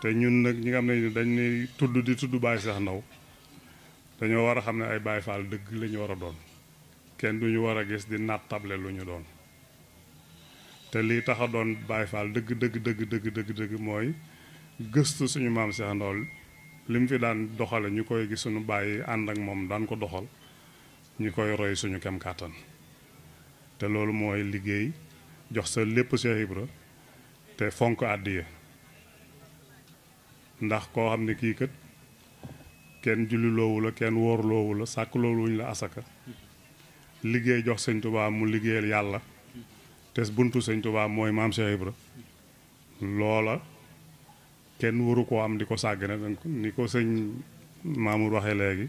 te ñun nag ñi nga xam ne dañ ne tudd di tudd Baye Cheikh Ndao dañoo war a xam ne ay Baye dëgg la ñu war a doon kenn duñu ñu war a gis di naat table luñu doon te lii taxa doon Baye Fall dëgg dëgg dëgg dëgg dëgg dëgg mooy gëstu suñu maam Cheikh Ndao li fi daan doxale ñu koy gis suñu bàyyi ànd ak moom daan ko doxal ñu koy roy suñu kem kàttan te loolu mooy liggéey jox sa lépp Cheikh Ibra te fonk àddiya ndax koo xam ne kii kat kenn julli loowu la kenn wóor loowu la sàkk looluñ la asaka liggéey jox sëñ Tuubaa mu liggéeyal yàlla te buntu sëñ Tuubaa mooy maam Cheikh Ibra loola kenn waru koo am di ko sàggane donc ni ko sëñ Mamour waxe léegi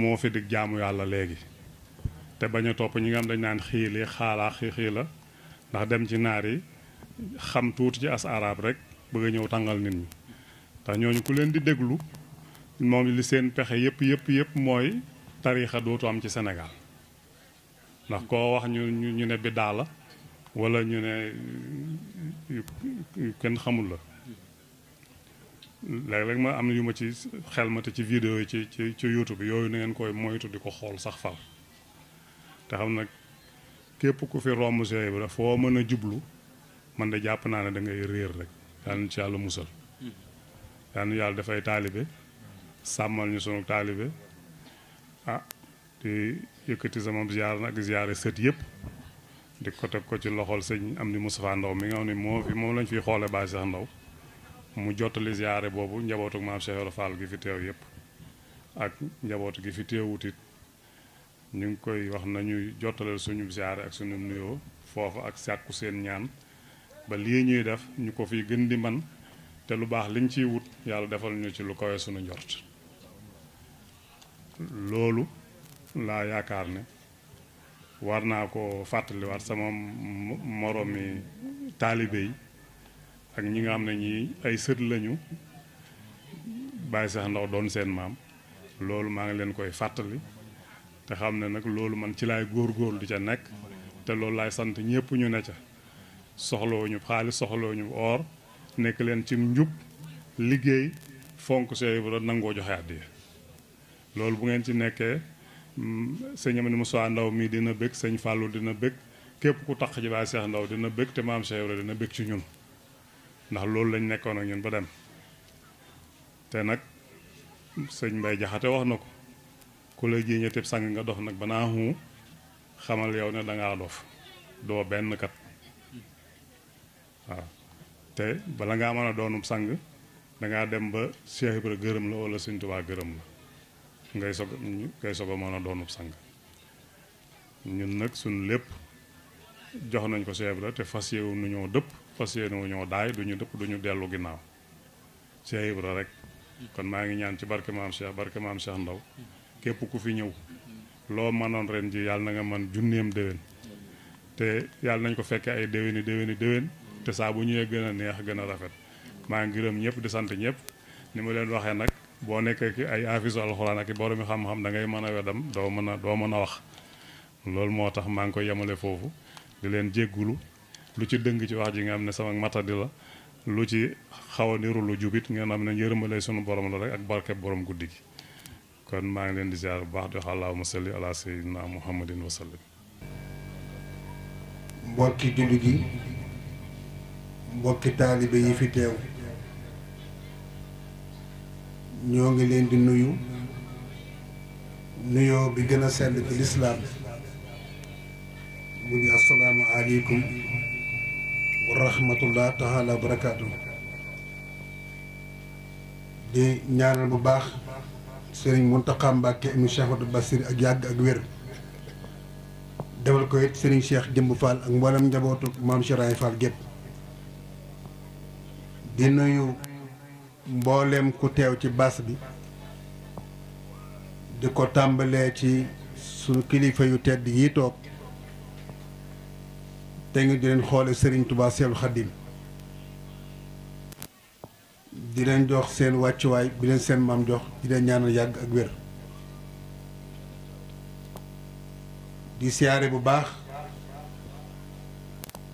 moo fi dig jaamu yàlla léegi te bañ a topp ñi nga xam dañ naan xiili xaalaa xii la ndax dem ci naar yi xam tuuti ci as araab rek bëgg ñëw tàngal nit ñi ndax ñooñu ku leen di déglu moom li seen pexe yëpp yëpp yëpp mooy tariixa dootu am ci Sénégal ndax koo wax ñu ñu ne biddaa la walla ñu ne kenn xamul la léeg-léeg ma am yu ma ci xelmate ci vidéo yi ci ci ci YouTube yooyu na ngeen koy moytu di ko xool sax far te xam nag képp ku fi romb Cheikh Ibra foo mën a jublu man de jàpp naa ne dangay réer rek yal na ci yàlla musal yal mm-hmm. na yàlla dafay taalibe sàmmal ñu sunu taalibe ah di yëkkati sama ziar nag ziare sët yëpp di ko ko ci loxol sëñ am ni Moustapha Ndaw mi nga xam ne moo moom lañ fiy xoole bàyyi sax ndaw mu jottali ziare boobu njabootu maam Cheikh Ibra gi fi teew yëpp ak njabootu gi fi teewut it ñu ngi koy wax nañu jottalal suñu ziar ak suñu nuyoo foofu ak sàkku seen ñaan ba lii ñuy def ñu ko fi gën di man te lu baax liñ ciy wut yàlla defal ñu ci lu kawe suñu njort loolu laa yaakaar ne war naa ko fàttaliwaat sama moromi taalibe yi ak ñi nga am na ñi ay sët lañu bàyyi sax ndaw doon seen maam loolu maa ngi leen koy fàttali te xam ne nag loolu man ci laay góorgóorlu ca nekk te loolu laay sant ñëpp ñu ne ca soxlawuñu xaalis soxlawuñu or nekk leen ci njub liggéey fonk Cheikh Ibra nangoo joxe àddiya loolu bu ngeen ci nekkee mm, sëñ Amady Moussa Ndaw mii dina bëgg sëñ Fallou dina bëgg képp ku taq ci Baay Cheikh Ndaw dina bëgg te maam Cheikh Ibra dina bëgg ci ñun ndax loolu lañ nekkoon ak ñun ba dem te nag sëñ Mbay Jaxate wax na ko ku la jiiña tëb sang nga dof nag banaa xu xamal yow ne dangaa dof doo benn kat waaw te bala ngaa mën a doonub sang dangaa dem ba Cheikh Ibra gërëm la walla Sëñ Tuubaa gërëm la ngay soog ngay soog a mën a doonub sang ñun nag suñ lépp jox nañ ko Cheikh Ibra te fas yéewu nu ñoo dëpp fas yéewu ñoo daay duñu dëpp duñu dellu ginnaaw Cheikh Ibra rek hmm. kon maa ngi ñaan ci barke maam am barke maam Cheikh Ndaw képp ku fi ñëw loo mënoon ren ji yàlla na nga mën junneem déwén te yàlla nañ ko fekkee ay déwéni déwéni déwén te saa bu ñëwee gën a neex gën a rafet maa ngi gërëm ñëpp di sant ñëpp ni ma leen waxee nag boo nekkee ki ay afisu alxuraan ak i boromi xam-xam da ngay mën a wedam doo mën a doo mën a wax loolu moo tax maa ngi koy yemale foofu di leen jéggulu lu ci dëng ci wax ji nga xam ne sama matadi la lu ci xaw a niru lu jubit ngeen am ne yërëmale sunu borom la rek ak barke borom guddi gi kon maa ngi leen di ziar bu baax di mu allahumma salli ala sayyidina muhammadin wa sallim mbokki jullit yi mbokki taalibe yi fi teew ñoo ngi leen di nuyu nuyoo bi gën a sell ci lislaam mu ngi assalaamu aleykum wa rahmatullah barakaatu di ñaanal bu baax sëriñ Mountakha Mbacké ibnu Cheikh Abdou Bassir ak yàgg ak wér defal ko sëriñ Cheikh Jëmb Fall ak mboolem njabootu maam Cheikh Fall gépp di nuyu mboolem ku teew ci bas bi di ko tàmbalee ci sunu kilifa yu tedd yi toog te ngi di leen xoole sëriñ Touba Seexul Xadim di leen jox seen wàccuwaay bi leen seen maam jox di leen ñaanal yàgg ak wér di siyaare bu baax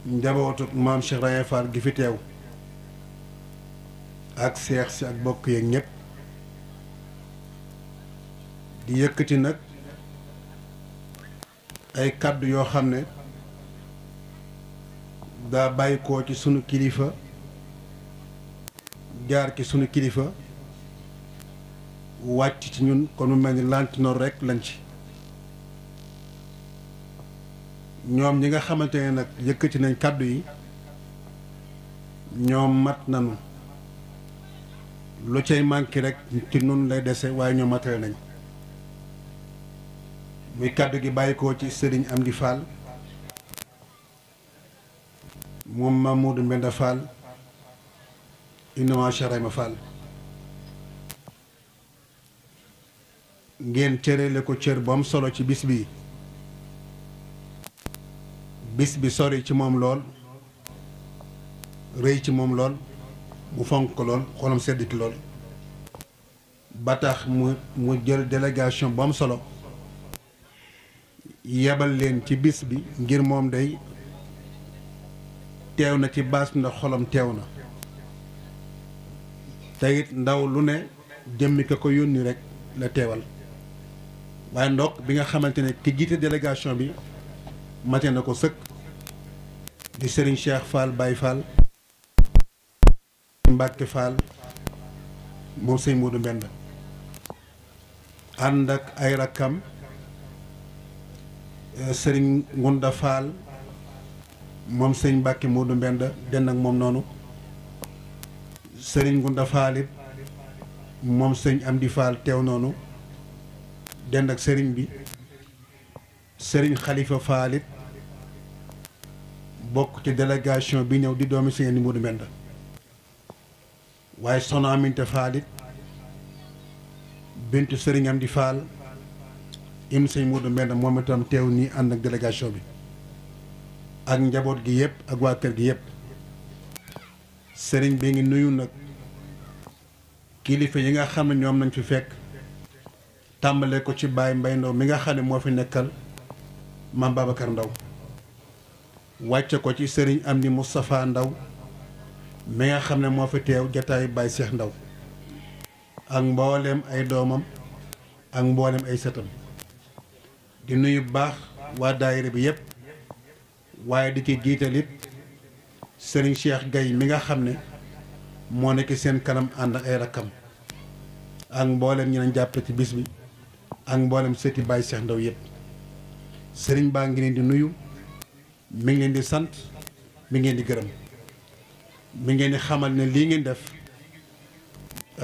njabootu maam Cheikh Raye gi fi teew ak seex si ak bokk yeeg ñépp di yëkkati nag ay kàddu yoo xam ne daa bàyyi koo ci sunu kilifa jaar ci suñu kilifa wàcc ci ñun kon mu mel ni lantinoor rek lañ ci ñoom ñi nga xamante ne nag yëkkati nañ kàddu yi ñoom mat nañu lu cay manqué rek ci nun lay dese waaye ñoom matale nañ muy kàddu gi bàyyikoo ci sëriñ Amdi Fall moom Mamoudou Mbenda Fall innama charayma fall ngeen cërale ko cër bu solo ci bis bi bis bi sori ci moom lool rëy ci moom lool mu fonk lool xolam sedd ci lool ba tax mu mu jël délégation bu am solo yebal leen ci bis bi ngir moom day teew na ci baas ndax xolam teew na teyit ndaw lu ne jëmmi ka ko yónni rek la teewal waaye ndokk bi nga xamante ne ki jiite bi mate na ko sëkk di sëriñ Cheikh Fall Baye Fall Mbacke Fall moom sëñ Modou Mbend ànd ak ay rakkam euh, Serigne Ngunda Fall moom sëñ Mbacke Modou Mbend den ak moom noonu sëriñ Gunda Faalit moom sëriñ Amdi Fall teew noonu dend ak sëriñ bi sëriñ Khalifa Faalit bokk ci délégation bi ñëw di doomi sëriñ Modou Mbenda waaye soxna Aminte Faalit bintu sëriñ Amdi Fall im sëriñ Modou Mbenda moom itam teew nii ànd ak délégation bi ak njaboot gi yëpp ak waa kër gi yëpp sëriñ bi ngi nuyu nag kilifa yi nga xam ne ñoom nañ fi fekk tàmbalee ko ci baay Mbaye Ndaw mi nga xam ne moo fi nekkal maam Babacar Ndaw wàcce ko ci sëriñ am Amdi Moustapha Ndaw mi nga xam ne moo fi teew jataayu Baye Cheikh Ndaw ak mboolem ay doomam ak mboolem ay sëtam di nuyu baax waa daayira bi yépp waaye di ci jiitalit Serigne Cheikh Gaye mi nga xam ne moo nekk seen kanam ànd ak ay rakkam ak mboolem ñu leen jàppe ci bis bi ak mboolem seeti Baye Cheikh Ndaw yëpp sëriñ baa ngi leen di nuyu mi ngi leen di sant mi ngeen di gërëm mu ngeen di xamal ne lii ngeen def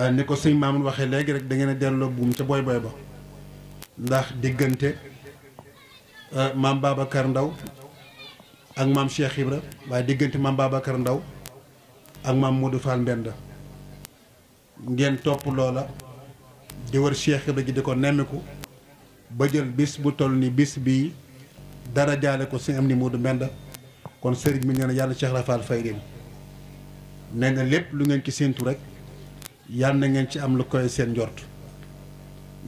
ah, ni ko sëñ Mamoun waxee léegi rek da ngeen a delloo buum ca booy booy ba ndax diggante ah, maam Babacar Ndaw ak mam Cheikh Ibra waaye diggante mam babakar Ndaw ak mam Modou Fall Mbenda ngeen top lola di wër Cheikh Ibra gi di ko ba jël bis bu toll ni bis bi dara jale ko si amni Modou Mbenda kon serigne mi nee yalla Cheikh Rafal fayrim leen nee na lu ngeen ci sentu rek yalla ngeen ci am lu koy sen jort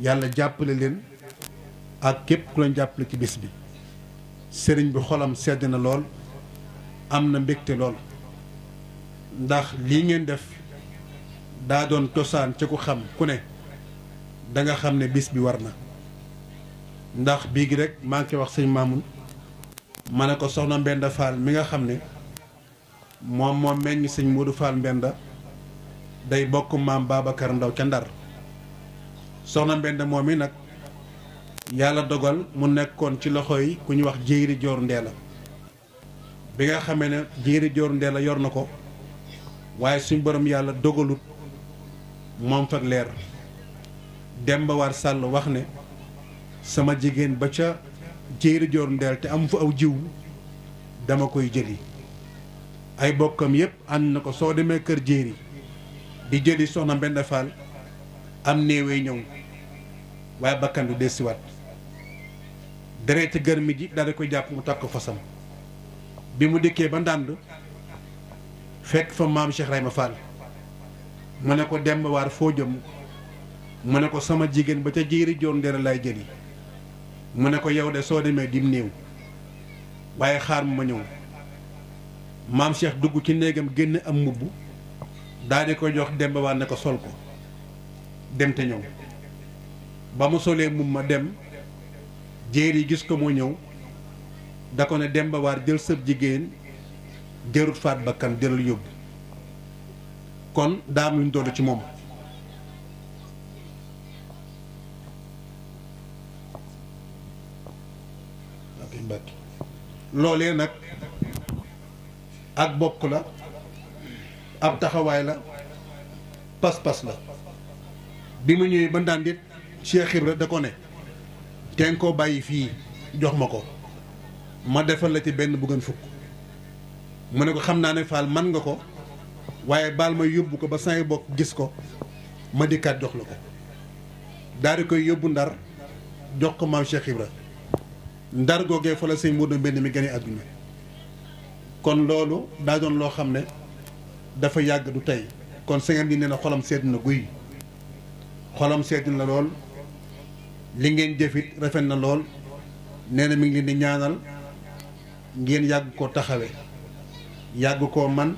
yalla jappale len ak kep ku len jappale ci bis bi sëriñ bi xolam sedd na lool am na mbégte lool ndax lii ngeen def daa doon cosaan ca ku xam ku ne danga xam ne bis bi war na ndax bii gi rek maa ngi koy wax sëñ Mamoun ma ne ko soxna Mbenda Fall mi nga xam ne moom moom meññ sëñ Modou Fall Mbenda day bokk maam Babacar Ndaw ca Ndar soxna Mbenda moom mi nag yàlla dogal mu nekkoon ci loxo yi ku ñuy wax jéeri joor ndee la bi nga xamee ne jéeri joor ndee yor na ko waaye suñ boroom yàlla dogalut moom fag leer Demba War Sàll wax ne sama jigéen ba ca jéeri joor ndeel te am fa aw jiw dama koy jëli ay bokkam yépp ànd na ko soo demee kër jéeri di jëli soxna Mbenda Fall am néewee ñëw waaye bakkan du desiwaat dereeti garmi ji daal di koy jàpp mu takk fasam bi mu dikkee ba ndànd fekk fa maam Cheikh ma Fall mu ne ko demb foo jëm mu ne ko sama jigéen ba ca jiiri joon dere lay jëli mu ne ko yow de soo demee dim néew waaye xaar mu ma ñëw maam Cheikh dugg ci néegam génn am mbubb daal di ko jox demb waar ne ko sol ko dem te ñëw ba mu solee mum ma dem jéer yi gis ko mu ñëw da ko ne Demba jël sëb jigéen jërul faat bakkan jëlal yóbbu kon daam luñ doon ci moom loole nag ak bokk la ab taxawaay la pas-pas la bi mu ñëwee ba ndàndit Cheikh Ibra da ko ne te nga koo bàyyi fii jox ma ko ma defal la ci benn bu gën fukk mu ne ko xam naa ne Fall man nga ko waaye baal ma yóbbu ko ba saa bokk gis ko ma dikkaat jox la ko daal koy yóbbu ndar jox ko maam Cheikh Ibra ndar googee fa la sëñ Moodu Mbend mi gën a àdduna kon loolu daa doon loo xam ne dafa yàgg du tey kon sëñ bi ne na xolam sedd na guy xolam sedd na lool. li ngeen jëfit rafet na lool nee na mi ngi di ñaanal ngeen yàgg ko taxawe yàgg koo man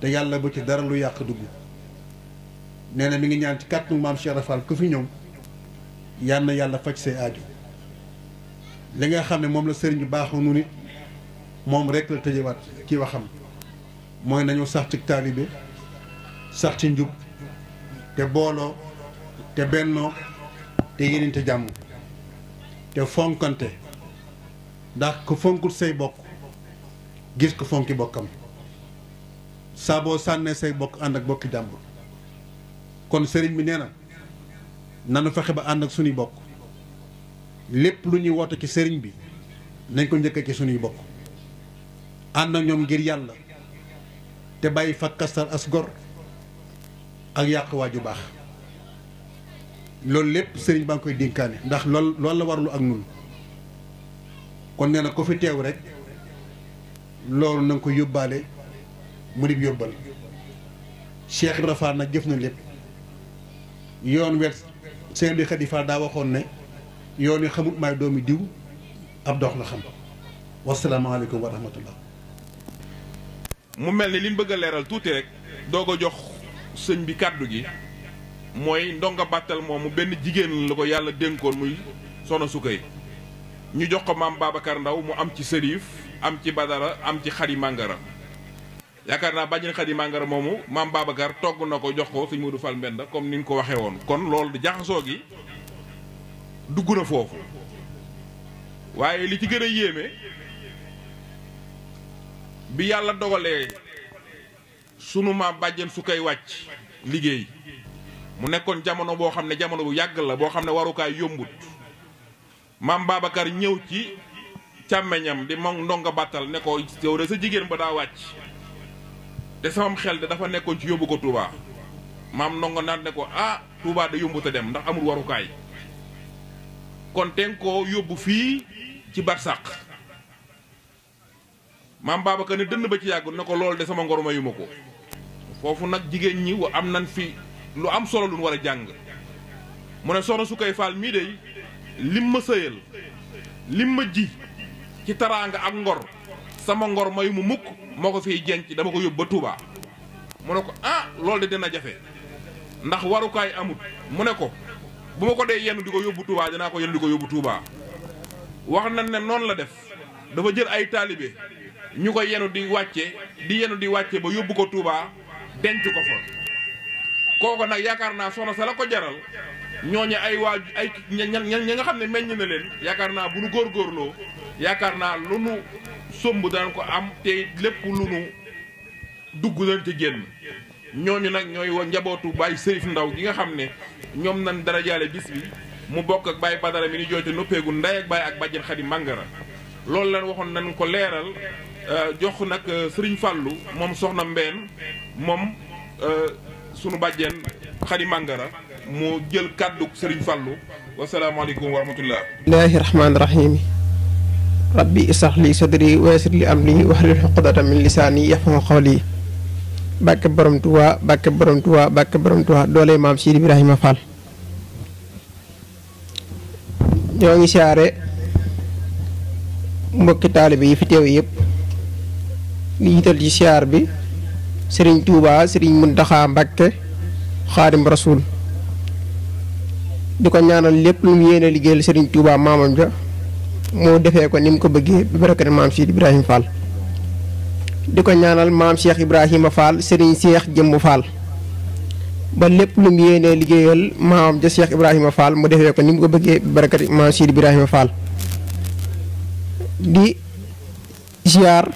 te yàlla bu ci dara lu yàq dugg nee na mi ngi ñaan ci kàttu maam Cheikh Rafal ku fi ñëw yal yàlla faj say aaju li nga xam ne moom la sëriñ bi baaxu nu nit moom rek la tëjewaat ci waxam mooy nañu sax ci taalibe sax ci njub te booloo te bennoo te yéenente jàmm te fonkante ndax ku fonkul say bokk gis ko fonki bokkam saa boo sànnee say bokk ànd ak bokki jàmbur kon sëriñ bi nee na nanu fexe ba ànd ak suñuy bokk lépp lu ñuy woote ci sëriñ bi nañ ko njëkk ci suñuy bokk ànd na ñoom ngir yàlla te bàyyi fa kastar as ak yàq waaju baax loolu lépp sëriñ baa ngi koy dénkaane ndax lool loolu la warlu ak nun kon nee na ko fi teew rek loolu nag ko yóbbaale mu di yóbbal Cheikh Ibra na lépp yoon wet seen di Xadi Fall daa waxoon ne yoon yi xamut maay doomi diw ab dox la xam wasalaamaaleykum wa rahmatullah mu mel ni li ñu bëgg a leeral tuuti rek doog a jox sëñ bi kàddu gi mooy ndonga bàttal moomu benn jigéen la ko yàlla dénkoon muy soxna Sukay ñu jox ko maam Babacar Ndaw mu am ci sërif am ci badara am ci xadi màngara yaakaar naa bàjjen xadi màngara moomu maam Babacar togg na ko jox ko sëñ Modou Fall Mbenda comme ni nga ko waxee woon kon loolu jaxasoo gi dugg na foofu waaye li ci gën a yéeme bi yàlla dogalee sunu maam bàjjen su koy wàcc liggéey mu nekkon jamono bo xamne ne jamono bu yàgg la bo xamne ne warukaay yombut mam babakar ñew ci chamagnam di mong ndonga batal ne ko yow re sa jigen ba daa wàcc te samam xel de dafa nekkon ci yobugo Touba ndonga naat ne ko ah Touba da yombuta dem ndax amul kay kon ten ko yóbbu fii ci barsak mam babakar ne dënn ba ci yàgg ne ko lol de sama ngor mayuma fofu nak jigen ñi am nan fi lu am solo lu war a jàng mu ne soxna su koy faal mii de lim ma sëyal lim ma ji ci taraanga ak ngor sama ngor mayu mu mukk moo ko fi jenc dama ko yóbbu ba Touba mu ne ko ah loolu de dina jafe ndax warukaay amut mu ne ko bu ma ko dee yenn di ko yóbbu Touba dinaa ko yenn di ko yóbbu tuubaa wax nañ ne noonu la def dafa jël ay taalibe ñu ko yenu di wàcce di yenu di wàcce ba yóbbu ko Touba denc ko fa kooku nag yaakaar naa soxna sa la ko jaral ñoo ñi ay waa ay ña nga xam ne meññ na leen yaakaar naa bu nu góorgóorloo yaakaar naa lu nu somb daan ko am te lépp lu nu dugg dañ ci génn ñooñu nag ñooy wa njabootu Baye Serif Ndaw gi nga xam ne ñoom nañ dara jaale bis bi mu bokk ak Baye Badara mi ni jooyte noppeegu nday ak Baye ak bàjjen Xadi Màngara loolu lan waxoon nañ ko leeral euh, jox nag euh, Sëriñ Fàllu moom soxna Mbeen moom euh, sunu badjen khadi mangara mo jël kàddu sëriñ fàllu alaykum wa rahmatullah bismillahi rahim rabbi ishrah li sadri wa yassir li amri hlul uqdatan min lisani yafqahu qawli bàkke borom tuwa bàkke borom tuwa bàkke borom tuwa dole mam Sidi ibrahim Fall ñoo ngi siyaare mbokk taalibe yi fi teew yépp ni jiital ci siyaar bi sëriñ Touba sëriñ Muntaxa Mbàkke xaadim rasul di ko ñaanal lépp lu mu yéene liggéeyal sëriñ Touba maamam ja moo defee ko ni mu ko bëggee bi baraka maam Cheikh Ibrahima di ko ñaanal maam Cheikh Ibrahima Fall sëriñ Cheikh Jëmb Fall ba lépp lu mu yéenee liggéeyal maamam ja Cheikh Ibrahima Fall mu defee ko ni mu ko bëggee bi baraka maam Cheikh Ibrahima Fall di ziar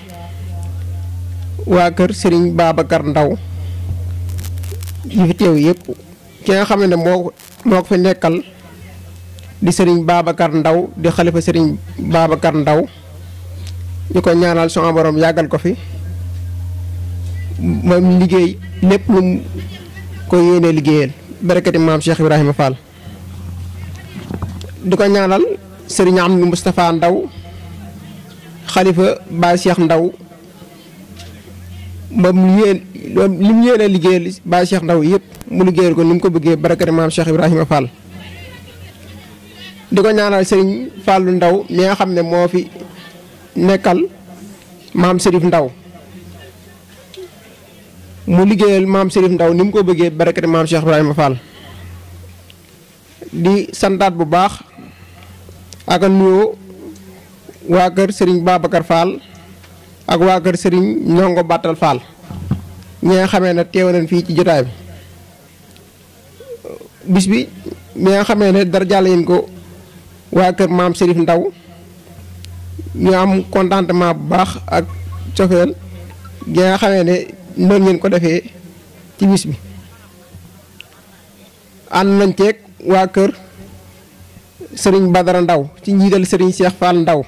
waa kër sëriñ Babacar Ndaw yi fi teew yépp ki nga xam ne moo moo fi nekkal di Serigne Babacar Ndaw di xalifa sëriñ baabakar Ndaw ñu ko ñaanal sama borom yàggal ko fi moom liggéey lépp lu ko yéenee liggéeyal barakati maam Cheikh Ibrahima Fall di ko ñaanal Serigne Amdi Moustapha Ndaw xalifa Baay Cheikh Ndaw ba mu yéen mu yéenee Ndaw yëpp mu liggéeyal ko ni mu ko bëggee barakati maam Cheikh Ibrahima Fall. di ko ñaanal Serigne Fallou Ndaw mi nga xam ne moo fi nekkal maam Serif Ndaw mu liggéeyal maam Serif Ndaw ni mu ko bëggee barakati maam Cheikh Ibrahima Fall. di santaat bu baax ak nuyoo waa kër Serigne Babacar Fall. ak waa kër Serigne Ndongo Battal Fall ñi nga xamee na teew fii ci jotaay bi bis bi ñi xamee ne dara jàll yin ko waa kër maam Serif Ndaw ñu am contentement bu baax ak cofeel gi nga xamee ne noonu ngeen ko defee ci bis bi ànd nañ ceeg waa kër Serigne Badara Ndaw ci njiital Serigne Cheikh Fall Ndaw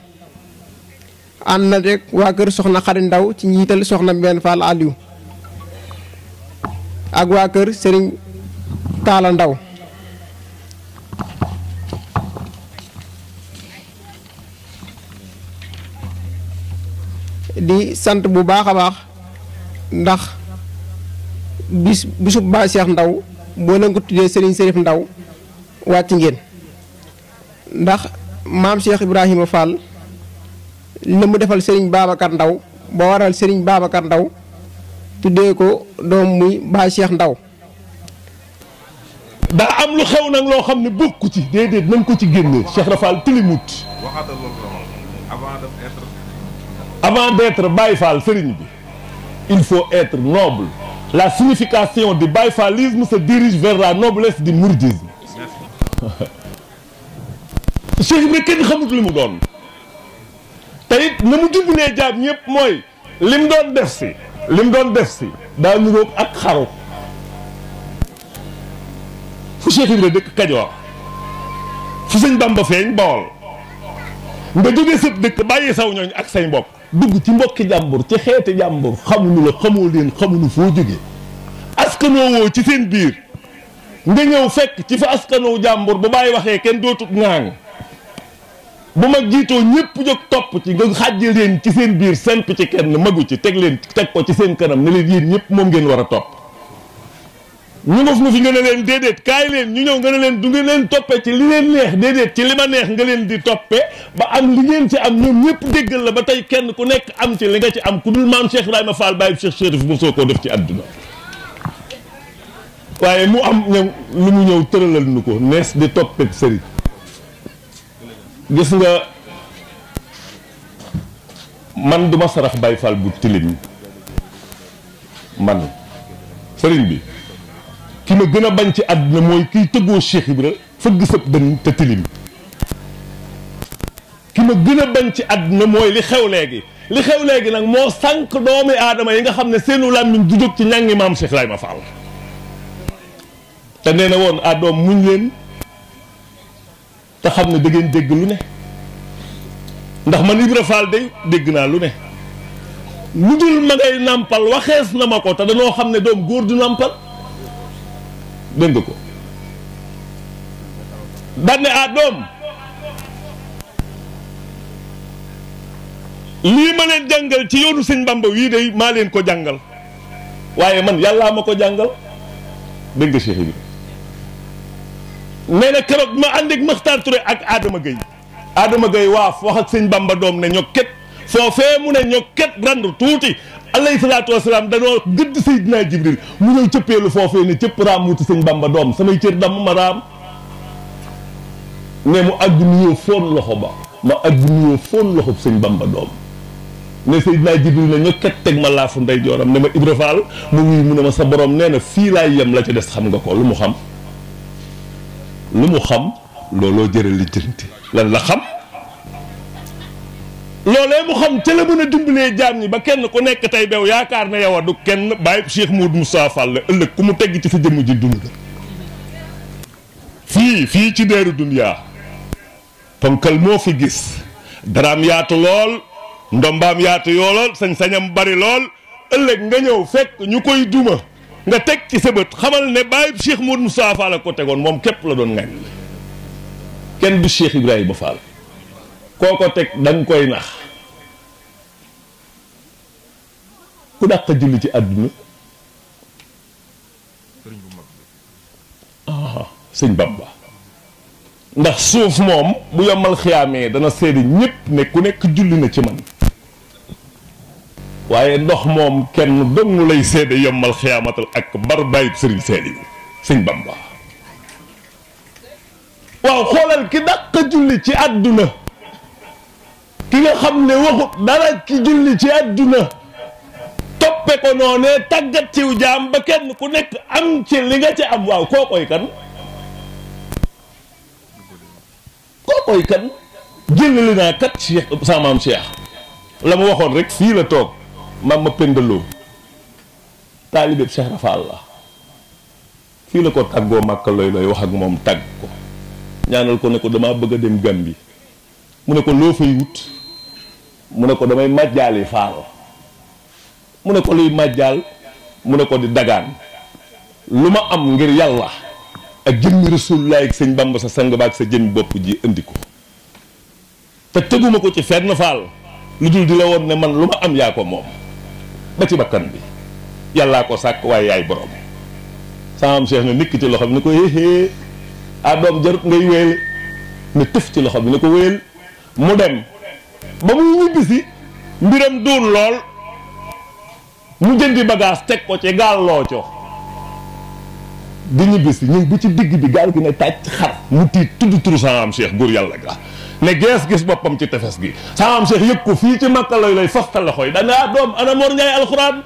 ànd na rek waa kër soxna Xari Ndaw ci njiital soxna benn Fall Aliou ak waa kër sëriñ Talla Ndaw di sant bu baax a baax ndax bis bisub Baay Seex Ndaw boo na ko tuddee Serigne Serif Ndaw wàcc ngeen ndax maam Cheikh Ibrahima Fall. la mu defal Serigne Babacar Ndaw ba waral Serigne Babacar Ndaw tuddee ko doom muy Ba Cheikh Ndaw da am lu xew nag loo xam ne bokku ci déedéet nañ ko ci génnee Cheikh Rafal tilimut avant d'être Baye Fall sëriñ bi il faut être noble la signification du Baye Fallisme se dirige vers la noblesse du mouridisme Cheikh Ibra kenn xamut li mu doon te it na mu jubbulee jaam ñëpp mooy lim doon def si lim doon def si daa nuróog ak xaru fu Cheikh Ibra dëkk Kajoor fu sëñ Bamba feeñ Bawol nga jógee sëb dëkk bàyyi saw ñooñ ak say mbokk dugg ci mbokki jàmbur ci xeeti jàmbur xamuñu la xamoo leen xamuñu foo jógee askanoo woo ci seen biir nga ñëw fekk ci fa askanoo jàmbur bu bàyyi waxee kenn dootut ŋaang bu mag jiitoo ñëpp jóg topp ci nga xàjjal leen ci seen biir semp ci kenn magu ci teg leen teg ko ci seen kanam ne leen yéen ñëpp moom ngeen war a topp ñu ngaf nu fi nga ne leen déedéet kaay leen ñëw nga ne leen du ngeen leen toppee li leen neex déedéet ci li ma neex nga leen di toppee ba am li ngeen ci am ñoom ñëpp déggal la ba tey kenn ku nekk am ci li nga ci am ku dul maam Cheikh Ibrahima Fall Baye Cheikh Chérif bu soo koo def ci àdduna waaye mu am ñoom lu mu ñëw tëralal nu ko nees di toppee sëriñ gis nga man duma sarax Baay Faal bu tilim man sëriñ bi ki ma gën a bañ ci àdduna mooy kiy tëggoo Cheikh Ibra fëgg sëb dën te tilim ki ma gën a bañ ci àdduna mooy li xew léegi li xew léegi nag moo sànq doomi aadama yi nga xam ne seenu làmmiñ du jóg ci ñàngi maam Cheikh Ibrahima Fall te nee na woon adoom muñ leen te xam ne da dégg lu ne ndax man Ibra Fall day dégg naa lu ne lu dul ma ngay nàmpal waxees na ma ko te danoo xam ne doom góor du nàmpal dégg ko daan aa ah doom lii ma leen jàngal ci yoonu sëñ Bamba wii day maa leen ko jàngal waaye man yàllaa ma ko jàngal dégg nga Cheikh nee na keroog ma ànd ak Makhtar Touré ak Adama Gueye Adama Gueye waaf wax ak sëñ Bamba doom ne ñokket foofee mu ne ñokket randu tuuti alayhi salaatu wasalaam danoo gëdd Seydina Jibril mu ñëw cëppeelu foofee ne cëpp raam wuti sëñ Bamba doom samay cër damm ma raam ne mu àgg nuyoo foon loxo ba ma àgg nuyoo foon loxo sëñ Bamba doom ne Seydina Jibril ne ñokket teg ma laafu ndey jooram ne ma Ibra Fall mu wuy mu ma sa borom nee na fii laay yem la ca des xam nga ko lu mu xam lu mu xam looloo jëral lijjanti lan la xam loolee mu xam ca la mën a dimbalee jaam ñi ba kenn ku nekk tey dew yaakaar na yow a du kenn bàyyi Cheikh Moudou Moussa la ëllëg ku mu tegg ci sa jëmm ji dund fii fii ci deeru duniyaa ponkal moo fi gis daraam yaatu lool ndombaam yaatu yoo sañ-sañam bari lool ëllëg nga ñëw fekk ñu koy duma nga teg ci sa bët xamal ne bàyyi bu Mourou Moussa Fall la ko tegoon moom képp la doon ngañ kenn du Cheikh Ibrahima Fall koo ko teg da koy nax ku dàq julli ci àdduna ah sëñ Bamba ndax suuf moom bu yomal xiyaamee dana seede ñépp ne ku nekk julli na ci man waaye ndox moom kenn dong lay sedd yombal xiyaamatal ak bar bàyyib sëriñ seede bi sëñ Bamba waaw xoolal ki dàq julli ci àdduna ki nga xam ne waxut dara ki julli ci àdduna toppe ko noonee tàggat ciw jaam ba kenn ku nekk am ci li nga ci am waaw kookoy kan kookoy kan jëlli naa kat Cheikh sama maam Cheikh la mu waxoon rek fii la toog maam ma péndaloo taalibeeb Cheikh Rafaal la fii la ko tàggoo màkka looy looy wax ak moom tàgg ko ñaanal ko ne ko damaa bëgg a dem Gàmbi mu ne ko loo fay wut mu ne ko damay màjjaali faal mu ne ko luy màjjaal mu ne ko di dagaan lu ma am ngir yàlla ak jëmmi rasulullah ak sëñ bamba sa sang baak sa jëmmi bopp ji indi ko te teguma ko ci fenn faal lu dul di la woon ne man lu ma am yaa ko moom ba ci bakkan bi yàllaa ko sàkk waaye yaay borom samam cheikh ne nikk ci loxo bi ne ko héehée ah doom jarut ngay wéele ne tëf ci loxo bi ne ko wéel mu dem ba muy ñibbisi mbiram duun lool mu jëndi bagage teg ko ci gaal loo co di ñibbisi ñëw ba ci digg bi gaal gi ne tàcc xar mu tiit tudd turu am cheikh góor yàlla ga ne gees gis boppam ci tefes gi saam Cheikh yëg ko fii ci makka lay lay fas loxo yi dangaa doom ana Mor Ndiaye alxuraan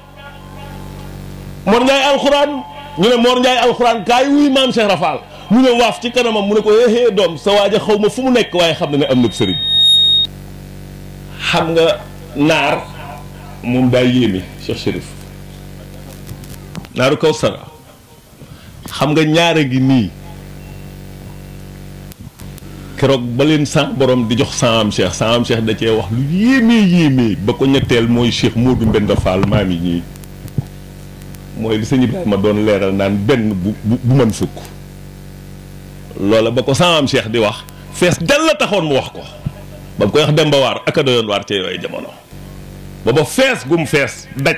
Mor Ndiaye alxuraan ñu ne Mor Ndiaye alxuraan kaay wuy maam Cheikh Rafal mu ne waaf ci kanamam mu ne ko yéexee eh, eh, doom sa waaja xaw ma fu mu nekk waaye xam na ne am na sëriñ xam nga naar moom daa yéeme Cheikh Chérif naaru kaw sara xam nga ñaare gi nii keroog ba leen san borom di jox san am cheikh san am cheikh da cee wax lu yéemee yéemee ba ko ñetteel mooy cheikh Modou Mbenda Fall maam yi ñii mooy li sëñ ma doon leeral naan benn bu bu mën fukk loola ba ko san am di wax fees dal la taxoon mu wax ko ba mu koy wax Demba Waar ak a doyoon waar ca yooyu jamono ba ba fees gum fees daj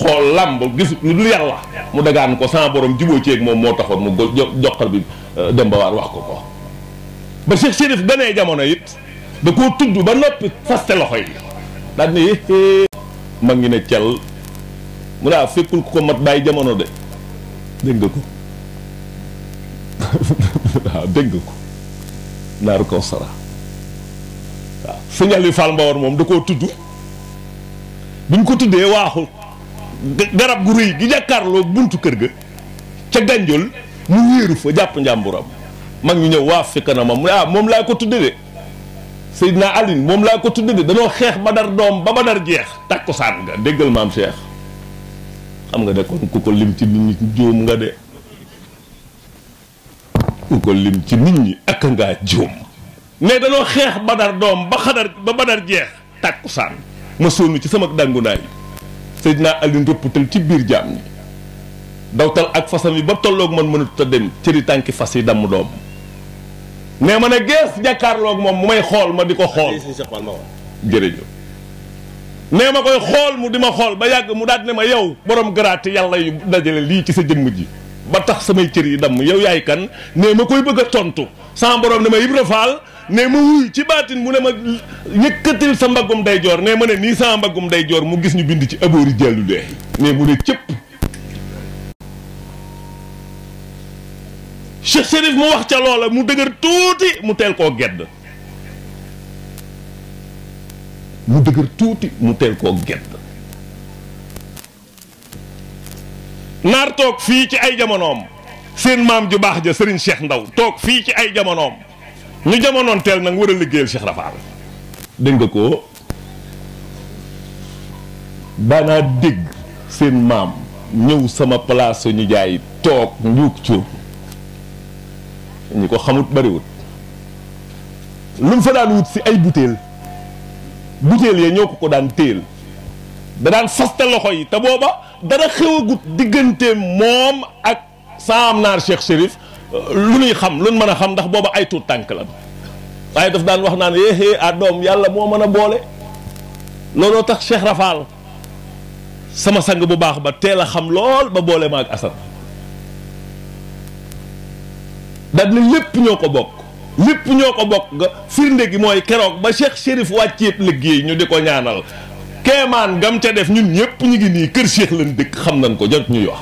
xool làmb gis lu dul yàlla mu dagaan ko san borom jubóo ceeg moom moo taxoon mu joxal bi euh, Demba Waar wax ko ko ba Cheikh Chérif ganee jamono it da koo tudd ba noppi faste loxo yi daal ne mag ngi ne cel mu daa ah, fekkul ku ko mat bàyyi jamono de dégg ko waaw ah, dégg ko naaru kaw sara waaw ah, sëñ Aliou Mbawar moom da koo tudd bi ñu ko tuddee waaxu garab gu rëy gi jàkkaarloo buntu kër ga ca gànjol mu wéeru fa jàpp njàmburam mag ñu ñew waa fi mom ah mom laa ko tudde de seydina ali mom laa ko tudde de xex ba badar dom ba dar jeex takkusaan nga deggal maam cheikh xam nga de kon ku ko lim ci nit ñi joom nga de ko lim ci nit ñi ak nga joom ne xex heh badar dom ba xadar ba dar jeex takkusaan ma sonu ci sama dangunaay seydina ali rëpputal ci bir jaam dawtal ak fasam yi ba tolok man mënut ta dem fas yi dam doom mais ma ne gees jàkkaarloog moom mu may xool ma di ko xool jërëjëf nee ma koy xool mu di ma xool ba yàgg mu daal ne ma yow borom garaati yàlla yu dajale lii ci sa jëmm ji ba tax samay cër yi damm yow yaay kan nee ma koy bëgg a tontu sans borom ne ma Ibra Faal ne ma wuy ci baatin mu ne ma yëkkatil sa mbaggum day joor nee ma ne nii sa mbaggum day joor mu gis ñu bind ci aboori jàllulee ne mu ne cëpp Cheikh Chérif mu wax ca loola mu dëgër tuuti mu teel koo gedd mu dëgër tuuti mu teel koo gedd naar toog fii ci ay jamonoom seen maam ju baax ja Serigne Cheikh Ndaw toog fii ci ay jamonoom ñu jamonoon teel nag war a liggéeyal Cheikh Rafaal dégg ko daanaa dégg seen maam ñëw sama place ñu jaay toog njuug cuur ñi ko xamut bariwut lu mu fa daan wut si ay butéel butéel ya ñoo ko ko daan téel da daan faste loxo yi te booba dara xewagut diggante moom ak saam naar Cheikh Chérif lu ñuy xam lu ñu mën a xam ndax booba ay tuut tànk la waaye daf daan wax naan éehée eh, ah doom yàlla moo mën a boole looloo tax Cheikh Rafal sama sang bu baax ba teel a xam lool ba boole ma ak Assane daal na lépp ñoo ko bokk lépp ñoo ko bokk nga firnde gi mooy keroog ba Cheikh Chérif wàcceeb liggéey ñu di ko ñaanal keemaan gam ca def ñun ñëpp ñu ngi nii kër Cheikh lañ dëkk xam nañ ko jot ñuy wax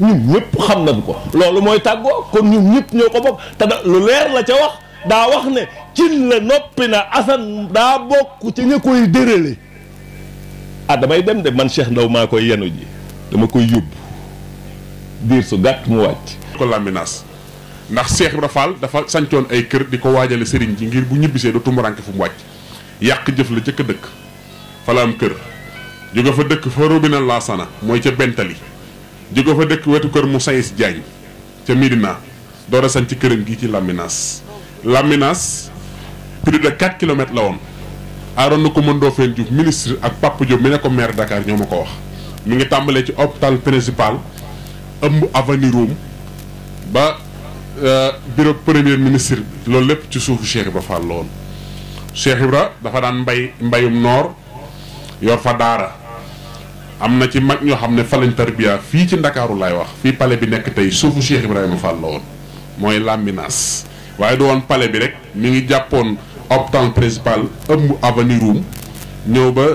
ñun ñëpp xam nañ ko loolu mooy tàggoo kon ñun ñëpp ñoo ko bokk te lu leer la ca wax daa wax ne cin la noppi na asan daa bokk ci ña koy dérélé ah damay dem de man Cheikh Ndaw maa koy yenu ji dama koy yóbbu diir su gàtt mu wàcc ko laminaas ndax Cheikh ibrahim Fall dafa santion ay keur di ko serigne ci ngir bu ñibbisee du tumuranke fu mu wàcc yàq jëf la jëk a dëkk fala am keur jëgo fa dëkk fa robina la sana moy ci bentali jëgo fa dëkk wetu keur mu sayis ci medina do ra sant ci këram gi ci Laminas Laminas plus de 4 km la won aaroon ko mën doo feen ministre ak Papa Diop mi ne ko maire Dakar ñomako wax mi ngi tambalé ci hôpital principal eum avenue Rome ba Euh, bureau premier ministre bi loolu lépp ci suufu Cheikh Ibra Fall la woon Cheikh Ibra dafa daan mbay mbayum noor yor fa daara am na ci mag ñoo xam ne falañ tarbiya fii ci ndakaaru laay wax fii pale bi nekk tey suufu Cheikh Ibrahima Fall la woon mooy Lambinaas waaye du woon pale bi rek mi ngi jàppoon optan principal ëmb avenue Roum ñëw ba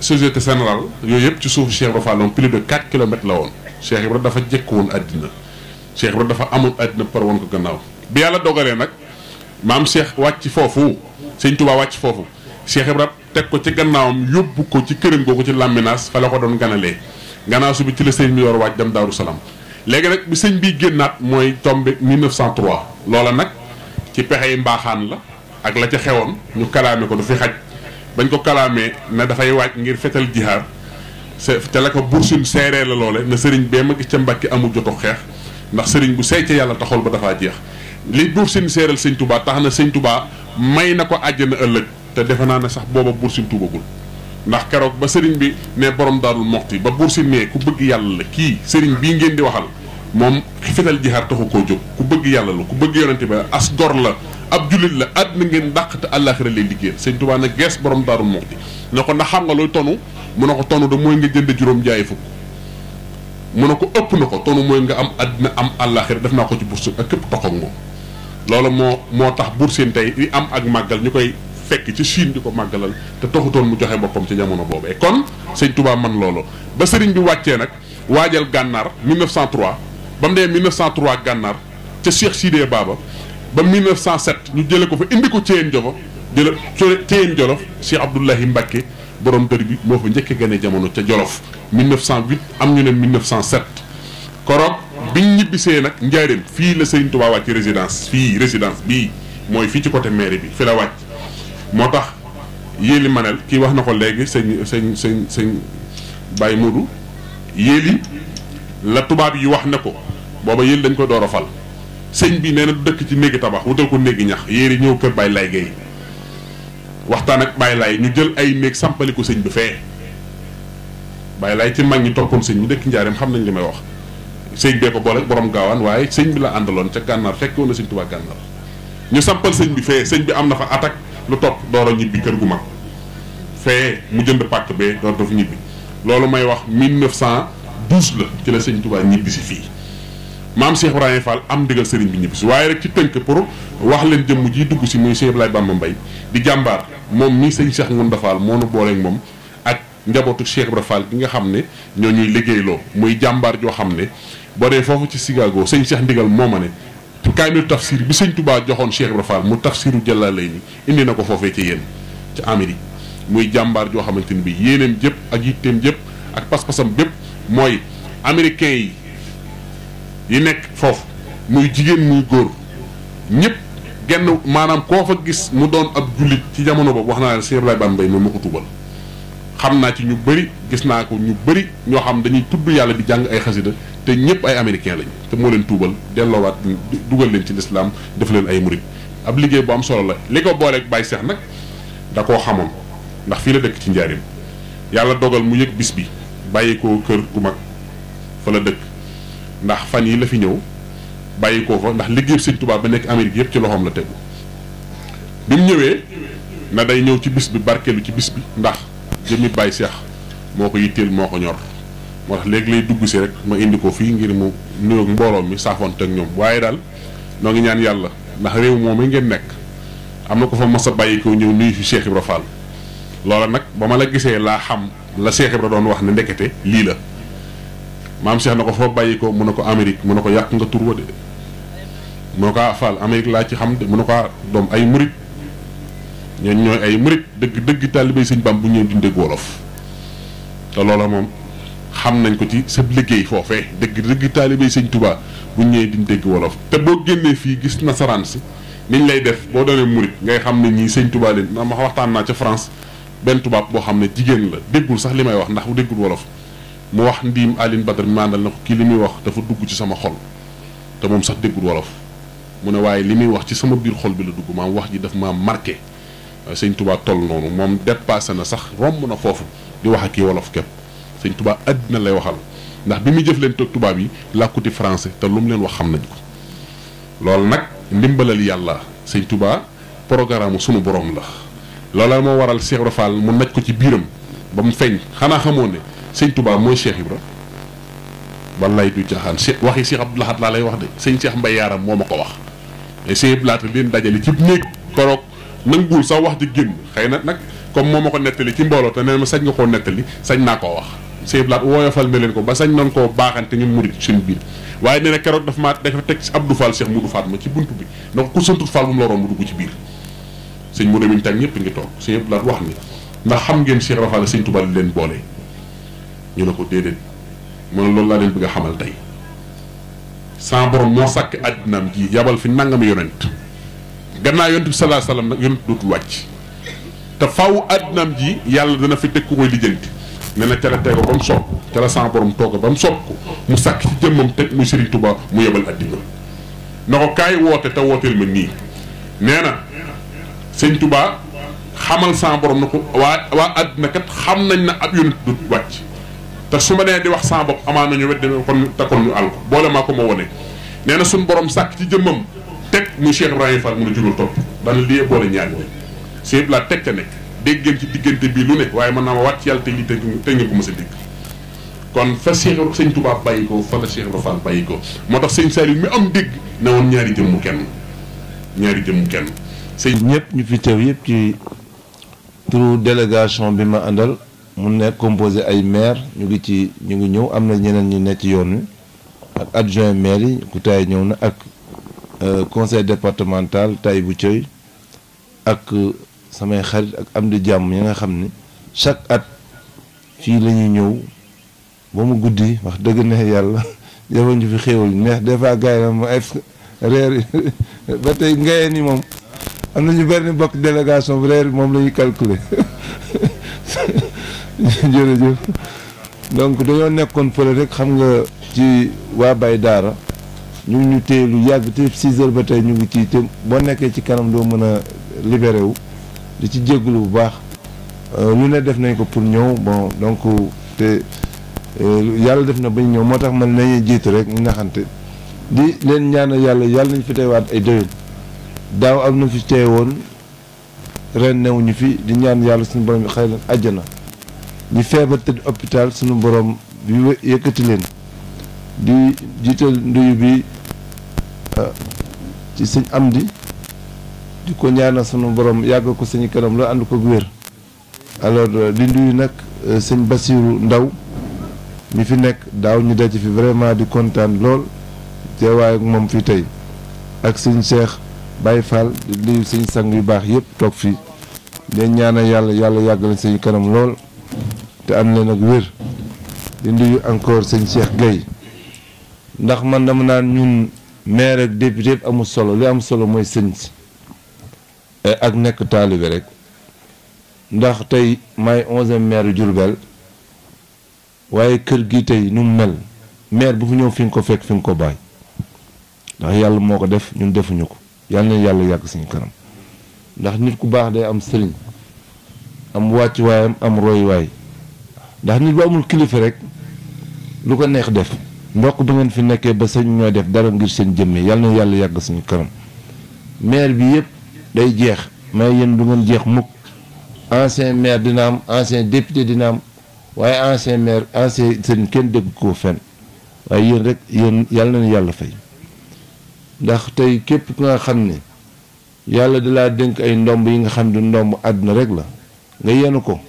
société générale yooyu yëpp ci suufu Cheikh Ibra Fall la woon plus de 4 kilomètres la woon Cheikh Ibra dafa jëkk woon Cheikh Ibrahima dafa amoon àddina par woon ko gannaaw bi yàlla dogalee nag maam Cheikh wàcc foofu sëñ Touba wàcc foofu Cheikh Ibrahima teg ko ci gannaawam yóbbu ko ci këram googu ci Lambinaas fa la ko doon ganalee gannaaw su bi ci la seen bi yor wàcc dem Daaru Salaam léegi nag bi sëñ bi génnaat mooy tombé 1903 loola nag ci pexey mbaaxaan la ak la ca xewoon ñu kalaame ko du fi xaj bañ ko kalaamee ne dafay waaj ngir fetal jihaar te la ko bursin seeree la loole na sëriñ bee ma gis ca Mbàkke amul joto xeex ndax sëriñ bu seey ca yàlla taxool ba dafaa jeex li buur sin seeral sëñ tubaa tax na sëñ tubaa may na ko àjjana ëllëg te defe naa ne sax booba buur sin tuubagul ndax keroog ba sëriñ bi ne borom daarul moxti ba buur sin ne ku bëgg yàlla la kii sëriñ bii ngeen di waxal moom fetal jihaar taxu koo jóg ku bëgg yàlla la ku bëgg yonente ba as gor la ab jullit la àddina ngeen dàq te àllaaxira lay liggéeyal sëñ tubaa na gees borom daarul moxti ne ko ndax xam nga looy tonu mu ne ko tonu da mooy nga jënd juróom jaay fukk mu ne ko ëpp na ko tonu mooy nga am àddina am àllaaxira def naa ko ci bursin ak képp toq moom loolu moo moo tax bursin tey i am ak màggal ñu koy fekk ci Chine di ko màggalal te taxutoon mu joxe boppam ci jamono boobee kon sëñ Touba man loolu ba sëriñ bi wàccee nag waajal gànnaar 1903 ba mu dee 1903 gànnaar ca Cheikh Sidé Baba ba 1907 ñu jële ko fa indi ko Thièyène Jolof jële Thièyène Jolof Cheikh Abdoulahi Mbacké borom dër bi moo fa njëkk a gane jamono ca Jolof 1908 am ñu ne 1907 koroog biñ ñibbisee nag njaareem fii la Serigne Touba ci résidence fii résidence bii mooy fii ci côté mairie bi fi la wàcc moo tax yéeli manel kii wax na ko léegi sëñ sëñ sëñ sëñ Baye Modou yéeli la tubaab yi wax ne ko booba yéeli lañ ko door fal sëñ bi nee na dëkk ci néegi tabax wutal ko néegi ñax yéeli ñëw kër Baye Lay Gueye waxtaan ak Baye Laye ñu jël ay néeg sampali ko sëñ bi fee Baye Laye ci mag ñi toppoon sëñ bi dëkk njaareem xam nañ li may wax sëñ bee ko boole borom gaawaan waaye sëñ bi la àndaloon ca gànnaar fekkoon na sëñ Tuubaa gànnaar ñu sampal sëñ bi fee sëñ bi am na fa attaque lu topp door a ñibbi kër gu mag fee mu jënd pàkk bee door fu ñibbi loolu may wax 1912 la ci la sëñ Tuubaa ñibbi si fii maam Cheikh Ibrahima Fall am ndigal sëriñ bi ñibbisi waaye rek ci tënk pour wax leen jëmm jiy dugg si muy Cheikh Ibrahima Bamba mbay di jàmbaar moom mii sëñ Cheikh Ngounda Fall moo nu booleeg moom ak njabootu Cheikh Ibrahima Fall gi nga xam ne ñoo ñuy liggéeyloo muy jàmbaar joo xam ne boo dee foofu ci Chicago sëñ Cheikh ndigal moo ma ne kaay kaamil tafsir bi sëñ tubaa joxoon Cheikh Ibrahima Fall mu tafsiru Jalaalayni indi na ko foofee ci yéen ca Amérique muy jàmbaar joo xamante ni bi yéeneem jëpp ak yitteem jëpp ak pas-pasam bépp mooy américain yi yi nekk foofu muy jigéen muy góor ñëpp genn maanaam koo fa gis mu doon ab jullit ci jamono boobu wax naa leen sëñ Ablaye Bambey moom ma ko tubal xam naa ci ñu bëri gis naa ko ñu bëri ñoo xam dañuy tudd yàlla di jàng ay xasida te ñëpp ay américain lañ te moo leen tuubal delloowaat dugal leen ci lislaam def leen ay murit ab liggéey bu am solo la li ko booleeg Baye Cheikh nag da koo xamoon ndax fii la dëkk ci njaarim yàlla dogal mu yëg bis bi bàyyi ko gu mag fa la ndax fan yi la fi ñëw bàyyi ko fa ndax liggéey sëñ tubaab ba nekk Amérique yëpp ci loxoom la tegu bi ñëwee na day ñëw ci bis bi barkeelu ci bis bi ndax jëmmi bàyyi seex moo ko yitteel moo ko ñor moo tax léegi lay dugg si rek ma indi ko fii ngir mu nuyoog mbooloo mi saafoonte ak ñoom waaye daal noo ngi ñaan yàlla ndax réew moom ngeen nekk am na ko fa mas a bàyyi ko ñëw nuyu fi Cheikh Ibra Fall loola nag ba ma la gisee laa xam la Cheikh Ibra doon wax ne ndekete lii la maam Cheikh na ko foo bàyyi ko mu ne ko Amérique mu ne ko yàq nga tur wa de mu ne ko ah, Fall laa ci xam de mu ne ko ah, doom ay murit ñooñu ñooy ay murit dëgg dëgg taalibey sëñ Bamba bu ñëw di dégg wolof te loola moom xam nañ ko ci sa liggéey foofee dëgg dëgg taalibey sëñ Touba bu ñëwee di dégg wolof te boo génnee fii gis nasaraan si niñ lay def boo doonee murit ngay xam ne ñii sëñ Touba leen ma waxtaan naa ca France benn tubaab boo xam ne jigéen la déggul sax li may wax ndax déggul wolof. mu wax ndiim Alioune Badara mi màndal na ko kii li muy wax dafa dugg ci sama xol te moom sax déggul wolof mu ne waaye li muy wax ci sama biir xol bi la dugg maam wax ji daf maa marqué sëñ Touba toll noonu moom dépassé na sax romb na foofu di wax ak kii wolof képp sëñ Touba àddina lay waxal ndax bi muy jëf leen toog tubaab yi làkkuti français te lu mu leen wax xam nañ ko loolu nag ndimbalal yàlla sëñ Touba programme sunu borom la loola moo waral Cheikh Ibra Fall mu naj ko ci biiram ba mu feeñ xanaa xamoon ne sëñ Touba mooy Cheikh Ibra wallaay du caaxaan Cheikh waxi Cheikh Abdou Lahad laa lay wax de sëñ Cheikh mbay Yaaram moo ma ko wax mais Cheikh laata leen dajale ci néeg koroog nanguwul sax wax ji génn xëy na nag comme moo ma ko nettali ci mbooloo te nee ma sañ nga koo nettali sañ naa koo wax Cheikh laat wooyofal na leen ko ba sañ nan koo baaxante ñun murit suñu biir waaye nee na keroog dafa maa dafa teg si Abdou Fall Cheikh Moudou Fatma ci buntu bi na ko ku santul Fall mu la romb dugg ci biir sëñ mu demiñ ñëpp ngi toog sëñ Abdou Lahad wax ni ndax xam ngeen Cheikh Rafal sëñ Touba leen boole ñu ne ko déedéet mu ne loolu laa leen bëgg a xamal tey sama borom moo sàkk àddinaam ji yabal fi nangami yonent gannaaw yonent bi salaa salaam nag yonent dootul wàcc te faw àddinaam ji yàlla dana fi tekk koy lijjanti ne na ca la ko ba mu soob ca sama borom tooga ba mu soob mu sàkk ci jëmmam teg muy Serigne Touba mu yabal àddina na ko kaay woote te ma nii nee na sëñ Touba xamal sama borom na ko waa waa kat xam na ab yonent wàcc te su ma nee di wax sama bopp amaa nañu wet kon te kon ñu alko boole maa ko ma wone nee na suñ borom sàkk ci jëmmam teg mu Cheikh Ibrahima Fall mu a jurul topp li liyee boole ñaari woy sëñ bi laa teg ca nekk dégg ci diggante bi lu ne waaye mën naa ma wàcc yàlla te lii te ko mos a dégg kon fa Cheikh sëñ Touba bàyyi ko fa la Cheikh Ibrahima Fall bàyyi ko moo tax sëñ Saliou mi am dégg ne woon ñaari jëmmu kenn ñaari jëmmu kenn sëñ ñëpp ñu fi teew yëpp ci turu délégation bi ma àndal mun nekk composé ay maire ñu ngi ci ñu ngi ñëw am na ñeneen ñu nekk ci yoon wi ak adjoint maire yi ku taay ñëw na ak euh, conseil départemental tay bu Thièye ak euh, samay xarit ak am di jàmm yi nga xam ni chaque at fii la ñëw ba mu guddi wax dëgg neex yàlla jafe ñu fi xéewal neex des fois gars mu ma ay reer ba tey ngayeen yi moom am nañu benn bokk délégation bi reer moom lañuy ñuy calculer jërëjëf donc dañoo nekkoon fële rek xam nga ci waa Baye Daara ñu ngi ñu téye lu yàgg te 6 heures ba tey ñu ngi ci te boo nekkee ci kanam doo mën a libéré wu di ci jégalu bu baax lu euh, ne def nañ ko pour ñëw bon donc te euh, yàlla def na bañ ñëw moo tax man nañuy jiitu rek ñu naxante di leen ñaan yàlla yàlla nañ fi teewaat ay déwén daaw am na fi teewoon ren newuñu fi di ñaan yàlla suñu borom bi xëy na àjjana Di feebar tëdd hôpital sunu borom bi yëkëti leen di jital nduy bi ah, ci señ Amdi di ko ñaanal sunu borom yag ko señ këram lo and ko wér alors euh, di nduy nak euh, señ Basiru Ndaw mi fi nek daw ñu daje fi vraiment di kontan lool way ak mom fi tay ak señ Cheikh Baye Fall di nuyu sang yu bax yépp tok fi leen ñaanal yalla yalla yagal señ këram lool te am leen ak wér di nuyu encore sëñ Cheikh Gueye ndax man dama naan ñun maire ak député amul solo li am solo mooy sëñ si eh, ak nekk taalibe rek ndax tey may onzième maire Diourbel waaye kër gi tey nu mu mel maire bu fi ñëw fi nga ko fekk fi nga ko bàyyi ndax yàlla moo ko def ñun defuñu ko yàlla na yàlla yàgg suñu kanam ndax nit ku baax day am sëriñ am wàcc wàccuwaayam am waay ndax nit bu amul kilifa rek lu ko neex def mbokk ba ngeen fi nekkee ba sañ ñoo def dara ngir seen jëmmee yàlla na yàlla yàgg suñu kanam maire bi yëpp day jeex may yéen du ngeen jeex mukk ancien maire dina am ancien député dina am waaye ancien maire ancien seen kenn dégg ko fenn waaye yéen rek yéen yàlla na yàlla fay ndax tey képp ku nga xam ne yàlla dalaa dénk ay ndomb yi nga xam ne ndomb àdduna rek la nga yenu ko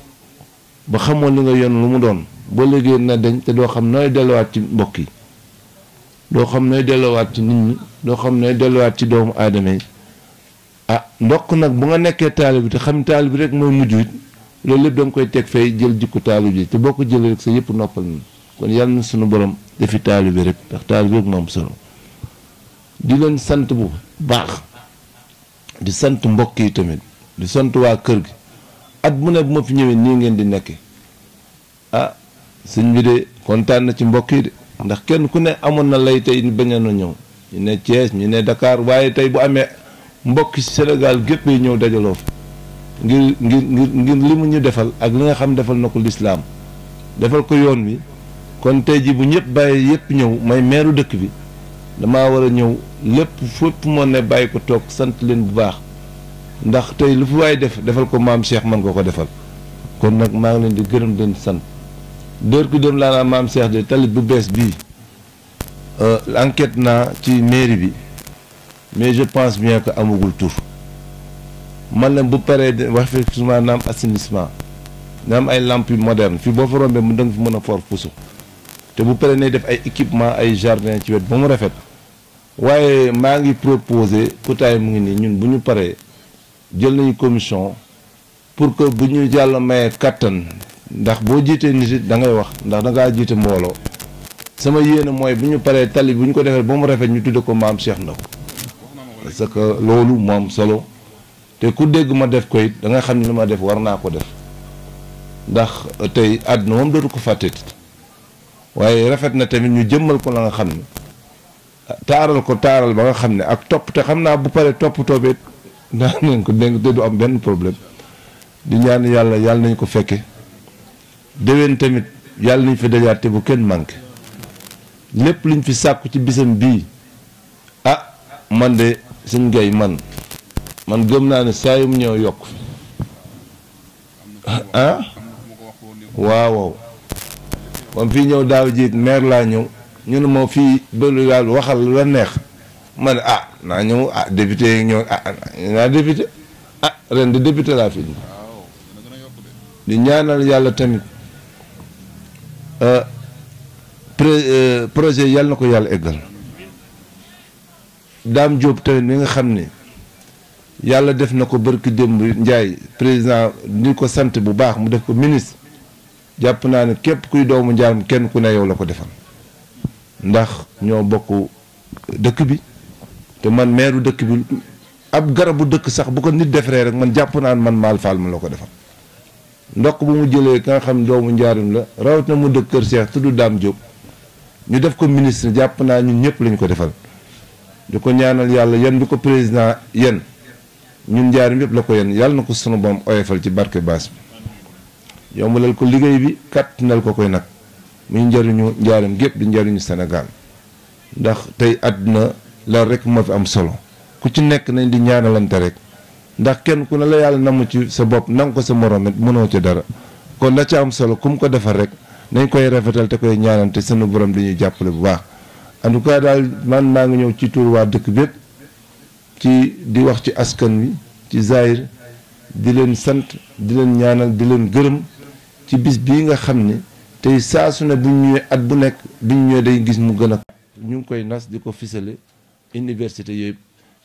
ba xamoon li nga yoon lu mu doon boo liggéey na dañ te doo xam nooy delluwaat ci mbokk yi doo xam nooy delluwaat ci nit ñi doo xam nooy delluwaat ci doomu aadama yi ah ndokk nag bu nga nekkee taalib bi te xam taalib bi rek mooy mujj it loolu lépp da koy teg fay jël jikko taalib ji te boo ko jëlee rek sa yëpp noppal na kon yàlla na suñu borom defi taalib bi rek ndax taalib rek moom solo di leen sant bu baax di sant mbokk yi tamit di sant waa kër gi at bu ne bu ma fi ñëwee nii ngeen di nekkee ah sëñ bi de kontaan na ci mbokk yi de ndax kenn ku ne amoon na lay tey bañ a ñëw ñu ne Thiès ñu ne Dakar waaye tey bu amee mbokki senegal gépp yi ñëw dajaloo fa ngir ngir ngir li mu ñu defal ak li nga xam defal na ko lislaam defal ko yoon wi kon tey ji bu ñëpp bàyyi yëpp ñëw may meeru dëkk bi dama war a ñëw lépp fépp moo ne bàyyi ko toog sant leen bu baax ndax tey lu fi waaye def defal ko maam Cheikh mën nga ko defal kon nag maa ngi leen di gërëm leen sant dër ku dem laa naa maam Cheikh de tali bu bees bii euh, enquête naa ci mairie bi mais je pense bien que amagul tur man la bu paree de wax fi na am assainissement na am ay lampes yu moderne fii boo fa rombee mu danga fi mën a for puso te bu paree ne def ay équipement ay jardin ci wet ba mu rafet waaye maa ngi proposé kutaay mu ngi nii ñun bu ñu paree jël nañu commission pour que buñu yalla may katan ndax bo jité nit da ngay wax ndax da nga jité mbolo sama yéene moy buñu paré tali buñ ko défer ba mu rafet ñu tuddé ko mam Cheikh Ndao parce que lolu moom solo té ku dégg ma def ko it da nga xam ne li def warna ko def ndax tey àdduna moom dootu ko faté waye rafet na tamit ñu jëmmal ko la nga xam ne taaral ko taaral ba nga xam ak top te xamna bu paré top toobee daan nañ ko dénk te du am benn problème di ñaan yàlla yàlla nañ ko fekke déwén tamit yàlla nañ fi dajaate bu kenn manqué lépp luñ fi sàkku ci bisam bii ah man de suñ ngay man man gëm naa ni saa mu ñëw yokk ah, ah? waaw waaw moom fii ñëw daaw jiit meer laa ñëw ñu ne moo fii bëri yàlla waxal la neex ma ne ah naa ñëw ah député yeeg ñëw ah, ah naa député ah ren de député laa fi di ñaanal yàlla tamit euh, euh, projet yàlla na ko yàlla eggal Dame Diop tamit mi nga xam ni yàlla def na ko bërki démb Ndiaye président ni ko sant bu baax mu def ko ministre jàpp naa ne képp kuy doomu njaaram kenn ku ne yow la ko defal ndax ñoo bokk dëkk bi te man maire dëkk bi ab garabu dëkk sax bu ko nit defaree rek man jàpp naan man maal faal ma la ko defal ndox bu mu jëlee ka nga xam doomu njaarim la rawat na mu dëkk Kër Cheikh tudd Dame Diop ñu def ko ministre jàpp naa ñun ñëpp lañu ko defal di ko ñaanal yàlla yan bi ko président yen ñun njaarim yëpp la ko yenn yàlla na ko sunu boom oyofal ci barke baas bi yombalal ko liggéey bi kàttanal ko koy nag muy njariñu njaarim gépp di njariñu Sénégal ndax loolu rek moo fi am solo ku ci nekk nañ di ñaanalante rek ndax kenn ku ne la yàlla namu ci sa bopp nang ko sa morom it mënoo ci dara kon la ca am solo ku mu ko defar rek nañ koy rafetal te koy ñaanante sunu borom di ñuy jàppale bu baax en tout cas daal man maa ngi ñëw ci tur waa dëkk bépp ci di wax ci askan wi ci Zahir di leen sant di leen ñaanal di leen gërëm ci bis bii nga xam ni tey saa su ne buñ ñëwee at bu nekk biñ ñëwee day gis mu gën a ñu ngi koy nas di ko fisale université yooyu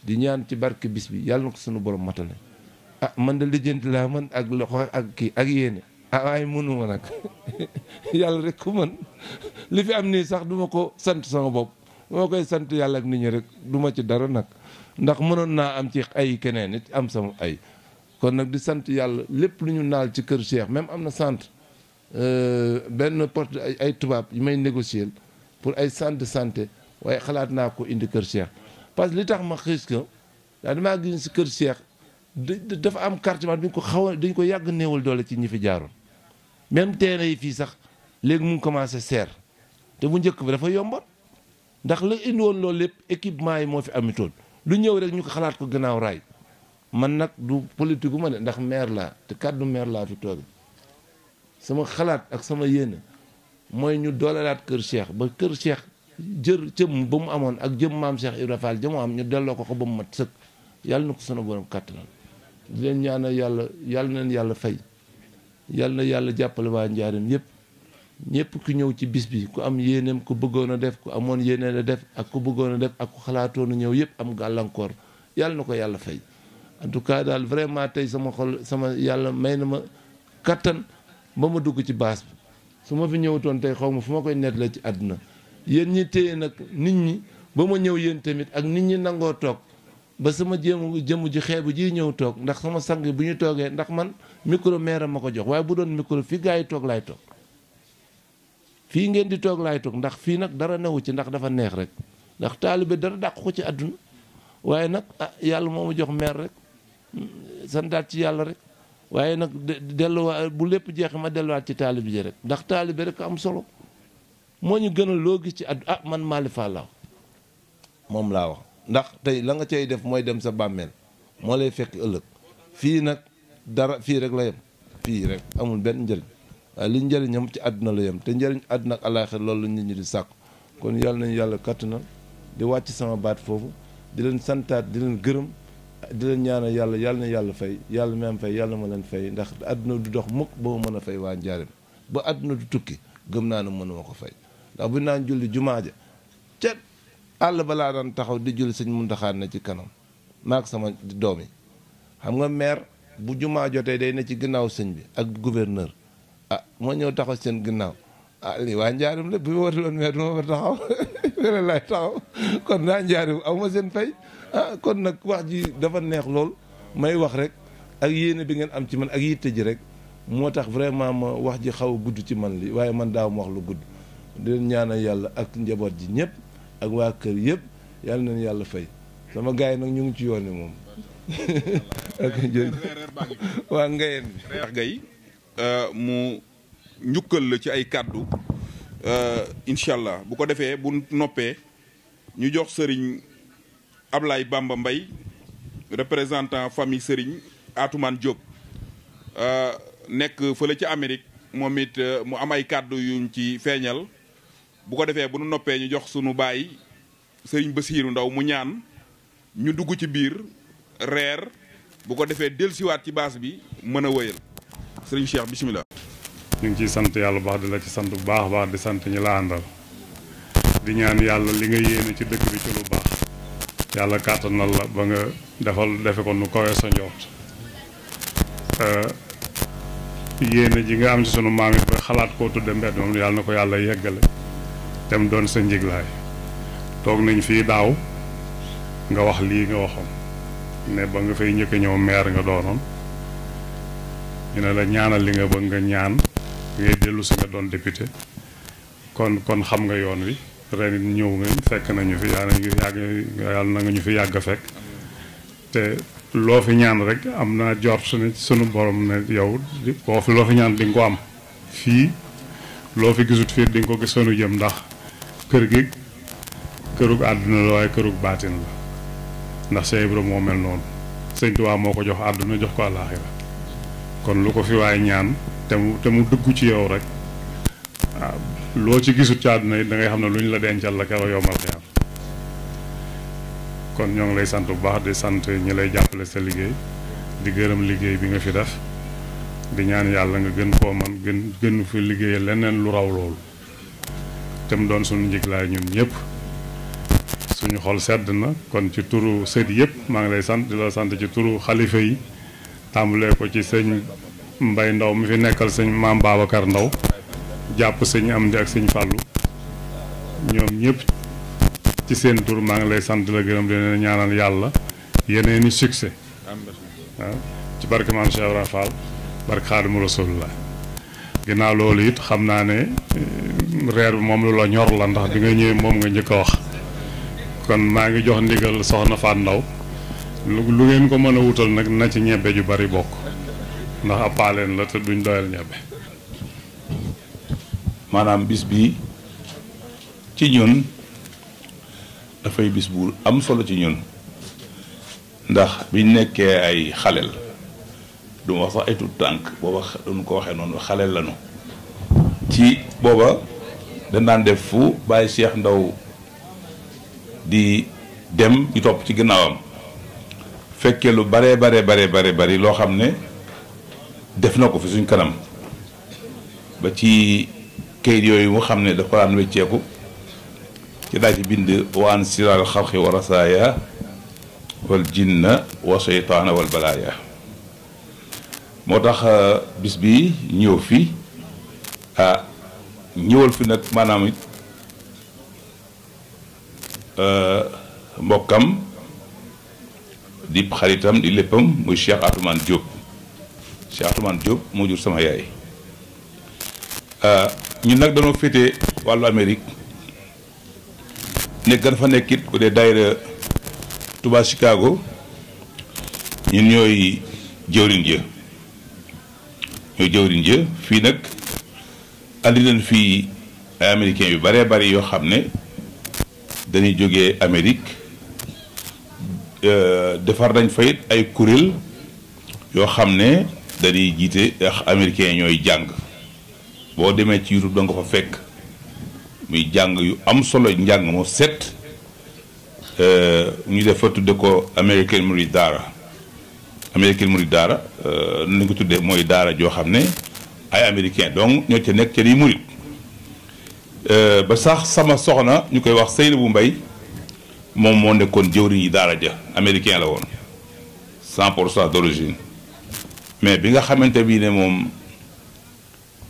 di ñaan ci barke bis bi yàlla na ko suñu borom matale ah man da lijjanti laa man ak loxo ak kii ak yéene ay ah, waaye mënuma nag yàlla rek ku man li fi am nii sax duma ko sant sama bopp duma koy sant yàlla ak nit ñi rek duma ci dara nag ndax mënoon naa am ci ay keneen it am sama ay kon nag di sant yàlla lépp lu ñu naal ci kër Cheikh même am na centre euh, benn porte ay tubaab yi may négocier pour ay sant de santé waaye xalaat naa ko indi kër Cheikh parce que li tax ma xiis ko si kër Cheikh dafa am carte man dañ ko xaw a dañ ko yàgg néewal doole ci ñi fi jaaroon même teene yi fii sax léegi mu ngi commencé seer te bu njëkk bi dafa yomboon ndax la indi woon loolu lépp équipement yi moo fi amitoon lu ñëw rek ñu ko xalaat ko gannaaw raay man nag du politique bu ma ne ndax maire laa te kàddu meer laa fi toog sama xalaat ak sama yéene mooy ñu doolelaat kër Cheikh ba kër seex jër cëm ba mu amoon ak jëm maam Cheikh Ibra Fall jëm am ñu delloo ko ko ba mu mat sëkk yàlla na ko sunu borom kàttanal di leen ñaanal yàlla yàlla na yàlla fay yàlla na yàlla jàppale waa yëpp ñëpp ku ñëw ci bis bi ku am yéeneem ku bëggoon a def ku amoon yéene la def ak ku bëggoon a def ak xalaatoon ñëw yëpp am gàllankoor yàlla na ko yàlla fay en tout cas daal vraiment tey sama xol sama yàlla may na ma kattan ba ma dugg ci baas bi su ma fi ñëwutoon tey xaw ma fu ma koy nettalee ci àdduna yéen ñi téye nag nit ñi ba ma ñëw yéen tamit ak nit ñi nangoo toog ba sama jéem jëmm ji xeebu ji ñëw toog ndax sama sang bu ñu toogee ndax man micro maire ma ko jox waaye bu doon micro fii gars yi toog laay toog fii ngeen di toog laay toog ndax fii nag dara newu ci ndax dafa neex rek ndax taalibe dara dàq ko ci àdduna waaye nag ah yàlla moo ma jox maire rek mm, santaat ci yàlla rek waaye nag delluwaat bu lépp jeex ma delluwaat ci taalibe ji rek ndax taalibe rek am solo moo ñu gënal loo gis ci addu ah man Malick Fall moom laa wax ndax tey la nga cay def mooy dem sa bàmmeel moo lay fekk ëllëg fii nag dara fii rek la yem fii rek amul benn njëriñ waaye li njëriñam ci àdduna la yam te njëriñ àdduna ak alaaxir loolu la nit di sàkku kon yàlla nañu yàlla kattanal di wàcc sama baat foofu di leen santaat di leen gërëm di leen ñaanal yàlla yàlla na yàlla fey yàlla même fay yàlla ma leen fay ndax àdduna du dox mukk ba ma mën a fay waa njaarim ba àdduna du tukki gëm naa ne mënuma ko fay ndax bu ñu naan julli jumaa ja ca àll balaa daan taxaw di julli sëñ Muntaxa na ci kanam maak sama doom yi xam nga maire bu jumaa jotee day ne ci ginnaaw sëñ bi ak gouverneur a ah, moo ñëw taxaw seen ginnaaw ah lii waa njaarim la bu ma wati loon maire du ma fa taxaw wala laay taxaw aw ma seen ah, kon nag wax ji dafa neex lool may wax rek ak yéene bi ngeen am ci man ak yitte ji rek moo tax vraiment ma wax ji xaw a gudd ci man li waaye man daaw ma wax lu gudd di leen ñaanal yàlla ak njaboot ji ñëpp ak waa kër yëpp yàlla nañu yàlla fay sama gars yi nag ñu ngi ci yoon wi moom. ak jërëjëf waa Ngayeen bi. wax gay mu njukkal la ci ay kàddu euh, incha allah bu ko defee bu noppee ñu jox sëriñ Ablaye Bamba mbay représentant famille sëriñ Atoumane Diop euh, nekk fële ci Amérique moom it euh, mu am ay kàddu yuñ ci feeñal. bu ko defee bu nu noppee ñu jox sunu baay sëriñ Basiiru Ndaw mu ñaan ñu dugg ci biir reer bu ko defee dellusiwaat ci baas bi mën a wëyal sëriñ Cheikh bisimilah. ñu ngi ciy sant yàlla bu baax di la ci sant bu baax baax di sant ñi la àndal di ñaan yàlla li nga yéene ci dëkk bi ci lu baax yàlla kàttanal la ba nga defal defe ko nu kawee sa njoot eh, yéene ji nga am ci sunu maam it ba xalaat koo tudde mbedd moom yàlla na ko yàlla yeggale tam doon sa njiglaay toog nañ fii daaw nga wax lii nga waxoon ne ba nga fay njëkk ñëw meer nga doonoon ñu ne la ñaanal li nga bëgg nga ñaan ngay dellu si nga doon député kon kon xam nga yoon wi ren it ñëw nga fekk nañu fi yàlla nañu yàgg yàlla na nga ñu fi yàgg a fekk te loo fi ñaan rek am naa jort ne sunu borom ne yow boo fi loo fi ñaan di nga ko am fii loo fi gisut fii di nga ko gis sunu jëm ndax kër gi kërug àdduna la waaye kërug baatin la ndax Cheikh Ibra moo mel noonu sëñ Tuubaa moo ko jox àdduna jox ko àllaaxira kon lu ko fi waaye ñaan te mu te mu dugg ci yow rek ah, loo ci gisut ci àdduna yi dangay xam ne lu ñu la dencal la keroog yombal xeer kon ñoo ngi lay sant bu baax di sant ñi lay jàppale sa liggéey di gërëm liggéey bi nga fi def di ñaan yàlla nga gën koo man gën gën fi liggéey leneen lu raw loolu tam doon suñu njiglaay ñun ñëpp suñu xol sedd na kon ci turu sët yëpp maa ngi lay sant di la sant ci turu xalifa yi tàmbalee ko ci sëñ Mbay Ndaw mi fi nekkal sëñ Maam Babacar Ndaw jàpp sëñ Amdi ak sëñ Fàllu ñoom ñëpp ci seen tur maa ngi lay sant di la gërëm di leen ñaanal yàlla yeneeni succès waaw ah, ci barke Maam Cheikh Ibra Fall barke Xaadimu Rasulullah ginnaaw loolu it xam naa ne reer bi moom lu la ñor la ndax bi nga ñëwee moom nga njëkk wax kon maa ngi jox ndigal soxna Faat Ndaw lu ngeen ko mën a wutal nag na ci ñebbe ju bari bokk ndax ab paaleen la te duñ doyal ñebbe maanaam bis bi ci ñun dafay bis bu am solo ci ñun ndax biñ nekkee ay xaleel du ma wax sax ay tuut tànk booba duñ ko waxee noonu xaleel lañu ci booba dañ daan def fu bàyyi Cheikh Ndaw di dem ñu topp ci ginnaawam fekkee lu bare bare bare bare bari loo xam ne def na ko fi suñ kanam ba ci kayit yooyu mu xam ne daf ko daan wecceeku ci daal ci bind waan siral xalqi wa rasaaya wal jinna wa seytaana wal balaaya moo tax euh, bis bi ñëw fii ah ñëwal fi nag maanaam it euh, mbokkam di xaritam di léppam muy Cheikh Atoumane Diop Cheikh Atoumane Diop moo jur sama yaay euh, ñun nag dañoo féete wàllu Amérique nekk dafa nekkit ku dee daayira Touba Chicago ñun ñooy jëwriñ jë ñooy jëwriñ jë fii nag andi nañ fii ay américains yu bëree bëri yoo xam ne dañuy jógee Amérique euh, defar dañ fayit ay kuréel yoo xam ne dañuy jiite américains ñooy jàng boo demee ci YouTube da nga fa fekk muy jàng yu am solo njàng moo set euh, ñu def fa tudde ko American Murid Daara American Murid Daara euh, nu ñu ko tuddee mooy daara joo xam ne ay américain donc ñoo ca nekk ca di murit euh, ba sax sama soxna ñu koy wax Seynabou mbay moom moo nekkoon jëwriñ yi daara ja américain la woon cent pour cent d'origine mais bi nga xamante bi ne moom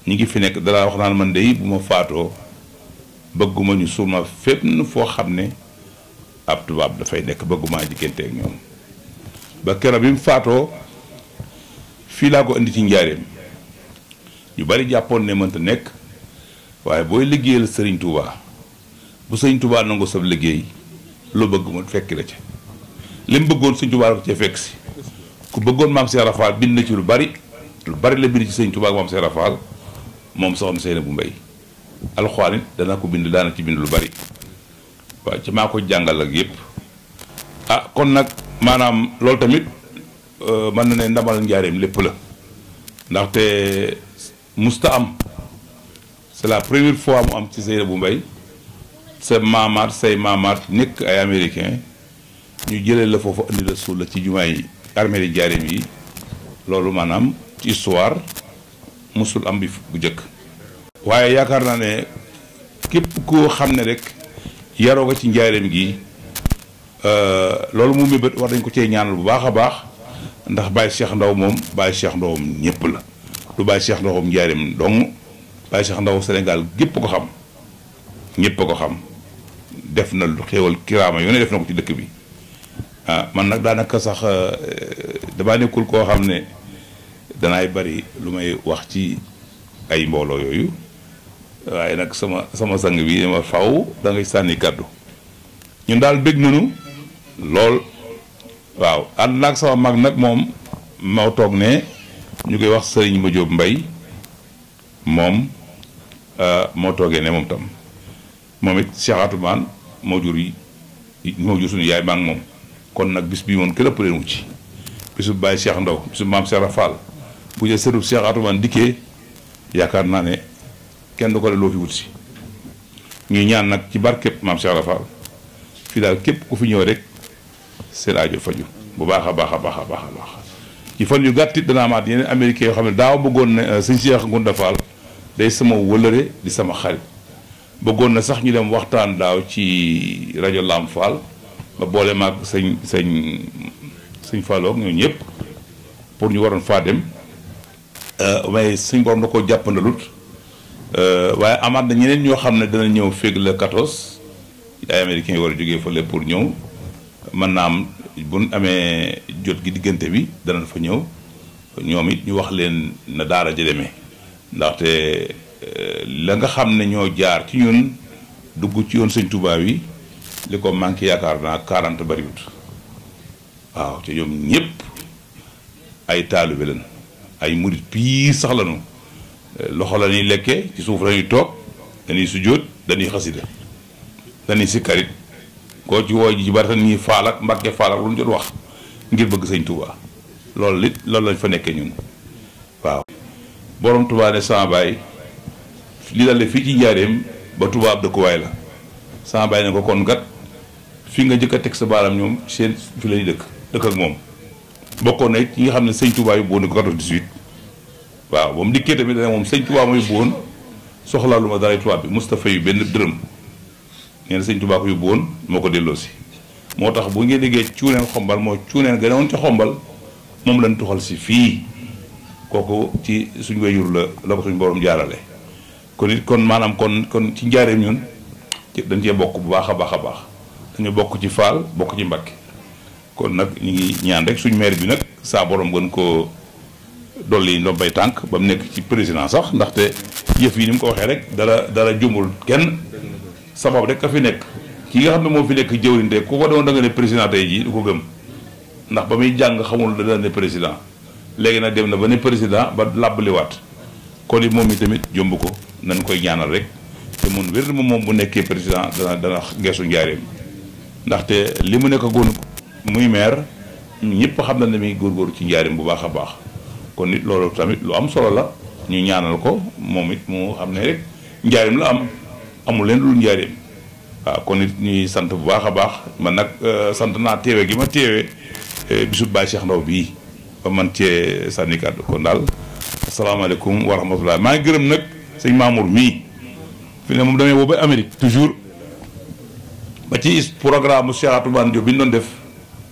ñi ngi fi nekk dara wax naan man de bu ma faatoo bëgguma ñu suul ma fépp foo xam ne ab tubaab dafay nekk bëggumaa diggante ak ñoom ba keroog bi mu faatoo fii laa ko indi ci njaareem yu bari jàppoon ne mënta nekk waaye booy liggéeyal sëriñ Touba bu sëriñ Touba nangu sab liggéey loo bëgg mu fekk la ci li bëggoon sëriñ Touba la ko ca fekk si ku bëggoon maam Cheikh Rafal bind na ci lu bari lu bari la bind ci sëriñ Touba ak maam Cheikh Rafal moom soxna Seyna bu Mbay alxuraan dana ko bind daana ci bind lu bari waaw ci maa ko jàngal ak yëpp ah kon nag maanaam loolu tamit euh, mën na ne ndamal njaareem lépp la ndaxte musta am c'est la première fois mu am ci bu mbay sa maamaat say maamaat nekk ay américain ñu jëlee la foofu indi la suul la ci jumaay armée jaarim yi loolu maanaam ci histoire musul am bi bu njëkk waaye yaakaar naa ne képp koo xam ne rek yaroo ko ci njaareem gi euh, loolu mu mébét war dañ ko cee ñaanal bu baax a baax ndax Baye Cheikh Ndaw moom Baye Cheikh Ndaw moom ñëpp la du bàyyi Cheikh Ndofam njaarim dong bàyyi Cheikh Ndofam Sénégal gépp ko xam ñépp ko xam def na lu xéewal kiraama yoone def na ko ci dëkk bi ah, man nag daanaka sax euh, damaa koo xam ne danaay bari lu may wax ci ay mbooloo nag sama sama sang faw da sànni kàddu lool waaw ànd sama mag nag moom moo toog ne ñu koy wax Serigne Madiop mbay moom euh, moo toogee ne moom tam moom it Cheikh Atoumane moo jur yi moo jur suñu yaay maa moom kon nag bis bii moom kenn ëpp leen wu ci bisu Baye Cheikh Ndaw bisu maam Cheikh Rafal bu jël sërub Cheikh Atoumane dikkee yaakaar naa ne kenn du ko le loo fi wut si ñuy ñaan nag ci barkeb maam Cheikh Rafal fii daal képp ku fi ñëw rek seen aajo faju bu baax a baax a baax a baax a baax ci fan yu gàtt it dana amaat yeneen américain yoo xam ne daaw bëggoon na euh, sëñ Cheikh Ngounda Fall day sama wëlëre di sama xarit bëggoon na sax ñu dem waxtaan daaw ci rajo Lam Fall ba boole maag sëñ sëñ sëñ Falloog ñooñu ñëpp pour ñu waroon faa dem euh, waaye suñ borom da koo jàppandalut euh, waaye amaat na ñeneen ñoo xam ne dana ñëw féeg le 14 ay américain yi war a jógee fële pour ñëw man naa am buñ amee jot gi diggante bi dana fa ñëw ñoom it ñu wax leen na daara ji demee ndaxte euh, la nga xam ne ñoo jaar ci ñun dugg ci yoon sëñ tubaab yi li ko manqué yaakaar naa quarante bariwut waaw te ñoom ñëpp ay taalibe lañ ay murit pii sax lañu loxo la ñuy lekke ci suuf la ñuy toog dañuy sujjóot dañuy xasida dañuy sikkarit koo ci woo ji ci bari nii faal ak mbàkke faal ak lu ñu jot wax ngir bëgg sëñ Touba lool lit loolu lañ fa nekkee ñun waaw boroom Touba ne sama baay li dale fii ci njaareem ba Touba dëkkuwaay la sama baay ne ko kon kat fi nga jëkk a teg sa baaram ñoom seen fi lañuy dëkk dëkk ak moom bokkoon na it ñi nga xam ne sëñ Touba yu boon ko waaw ba mu dikkee tamit dana moom sëñ Touba mooy boon soxlaa lu ma daray Touba bi Moustapha yu benn dërëm nee señ tuba ko yóbbu moko moo ko delloosi bu ngeen déggee cuuneen xombal mo cuuneen gën a woon ci xombal mom lañ tuxal si fi koko ci suñu wayur la la ko suñu borom jaarale kon nit kon manam kon kon ci njaareem ñun dañ ci bokku bu baaxa baaxa baax dañu bokku ci faal bokku ci mbakki kon nak ñi ngi ñaan rek suñu maire bi nak saa borom gën ko dolli ndombay bay tank bam nek ci président sax ndaxte yef yi nim ko waxe rek dara dara jumbul kenn sabab rek a fi nekk ki nga xam ne moo fi nekk jëwriñ ndee ku ko doon da nga ne président tey jii du ko gëm ndax ba muy jàng xamul dana ne président léegi nag dem na ba ne président ba làbbaliwaat kon it moom tamit jomb ko nañ koy ñaanal rek te mun moom bu nekkee président dana dana geesu njaareem ndaxte li mu nekk góor muy maire ñëpp xam na ne góor góor ci njaareem bu baax a baax kon nit loolu tamit lu am solo la ñu ñaanal ko moom it mu xam ne rek njaareem la am amul leen lu njaareem waaw kon it ñuy sant bu baax a baax man nag euh, sant naa teewe gi ma teewe euh, bisu Baye Cheikh Ndaw bii ba man cee sànni kàddu kon daal asalaamaaleykum wa rahmatulah maa ngi gërëm nag sëñ Mamour mii fi ne moom damay woo ba Amérique toujours ba ci programme Cheikh Atoumane Diop bi ñu doon def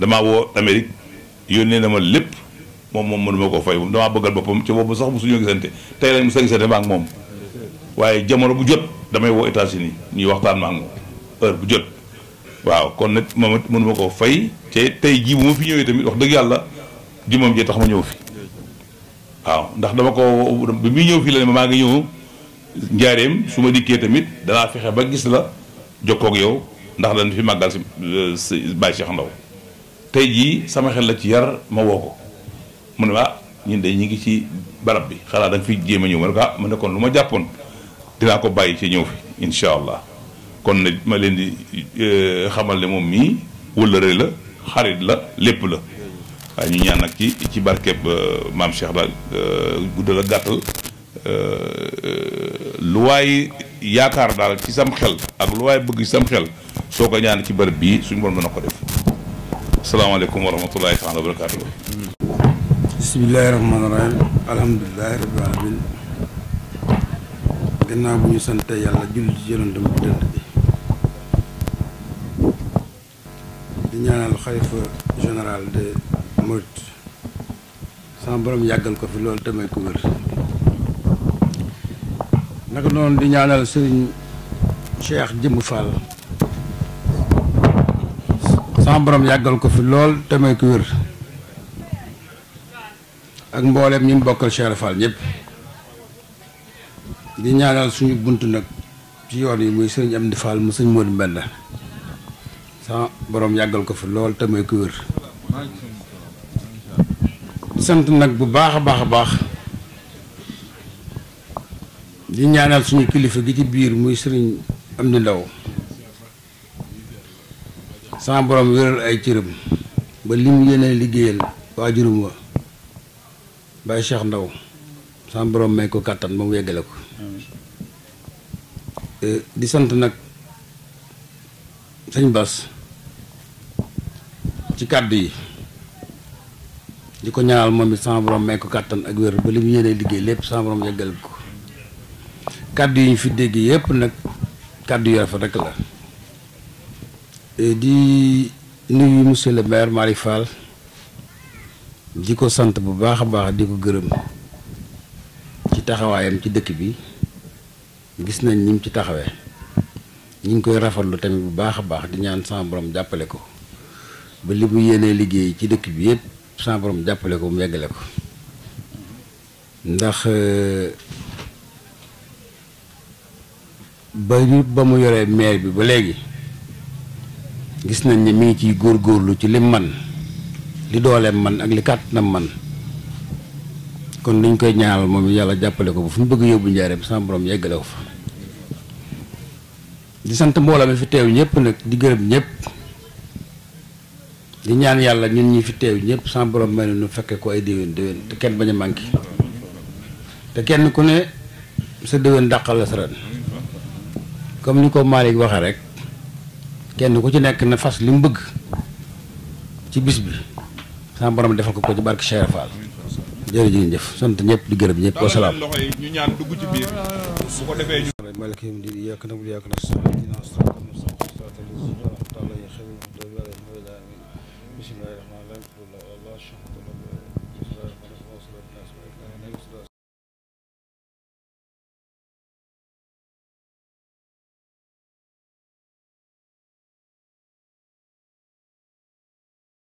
damaa woo Amérique yónnee na ma lépp moom moom mënuma koo fay moom damaa bëggal boppam ci boobu sax mosuñoo gisante tey lañ mos a gisante ma ak moom. waaye jamono bu jot damay woo États-Unis ñuy waxtaan ma ak moom heure bu jot. waaw kon nag moom it mënuma koo fay te tey jii bu ma fi ñëwee tamit wax dëgg yàlla jëmmam jee tax ma ñëw fi ndax dama ko bi muy ñëw fii maa ngi ñëw njaareem su ma dikkee tamit danaa fexe ba gis la jokkoog yow ndax dañ fi màggal si Baye Cheikh Ndaw tey jii sama xel la ci yar ma woo ko mu ne ah ñun de ñu ngi ci barab bi xalaat da nga fi jéem a ñëw ma ne ko ah, lu ma jàppoon. dina ko bàyyi ci ñëw fi incha allah kon ne ma leen di xamal ne moom mii wëllëre la xarit la lépp la waaye ñu ñaan nag ci ci barkeb maam Cheikh daal guddal gàttal lu waay yaakaar daal ci sam xel ak lu waay bëgg ci sam xel soo ko ñaan ci bërëb bii suñu borom dana ko def asalaamaaleykum wa rahmatullahi taala wa barakatuh bismillahi rahmaani rahim alhamdulilahi rabbil alamin gannaaw bu ñu sante yàlla julli ci yonent bi di ñaanal xalifa général de Mouride sama borom yàggal ko fi lool tamay ko di ñaanal sëriñ Cheikh Jëmm Fall sama borom yàggal ko fi lool tamay ko wér ak mboolem ñi bokkal Cheikh Fall ñëpp di ñaanal suñu bunt nag ci yoon yi muy sëriñ Amdi Fall mu sëñ Modou Mbenda sama borom yàggal ko fi lool te mooy ko wér di sant nag bu baax a baax a baax di ñaanal suñu kilifa gi ci biir muy sëriñ Amdi Ndaw sama boroom wéral ay cëram ba li mu yéene liggéeyal waajurum wa Baye Cheikh Ndaw sama borom may ko kàttan ba mu yeggale ko Eh, di sant nak señ Bass ci kaddu yi diko ñaanal moom it sama borom may ko katan ak wër ba limu mu yéenee lépp sama borom yeggal ko kaddu yi fi dégg yépp nak kaddu yu rek la eh, di nuyu monsieur le maire mari Fall diko sant bu baax baax di gëreum ci taxawayam ci dëkk bi gis nañ ni ci taxawee ñu ngi koy rafetlu tamit bu baax a baax di ñaan sama borom jàppale ko ba li mu yéenee liggéey ci dëkk bi yëpp sama borom jàppale ko mu yeggale ko ndax euh, ba ba mu yoree maire bi ba léegi gis nañ ni mu ngi ciy góorlu ci lim man li dooleem man ak li kàtt kàttanam man kon niñ koy ñaanal moom yàlla jàppale ko ba fu mu bëgg yóbbu njaareem sama borom yeggalew fa di sant mbooloo mi fi teew ñëpp nag di gërëm ñëpp di ñaan yàlla ñun ñi fi teew ñëpp sama borom may ñu fekkee ko ay déwén déwén te kenn bañ a manqué te kenn ku ne sa déwén dàqal la sa ren comme ni ko Malick waxee rek kenn ku ci nekk na fas li mu bëgg ci bis bi sama borom defal ko ko ci barki Cheikh Fall jërë ngeen jëf sant ñëpp di gërëm ñëpp wa salaam loxo yi ñu ñaan dugg ci biir su ko defee ñu malikim di yàkk na bu yàkk na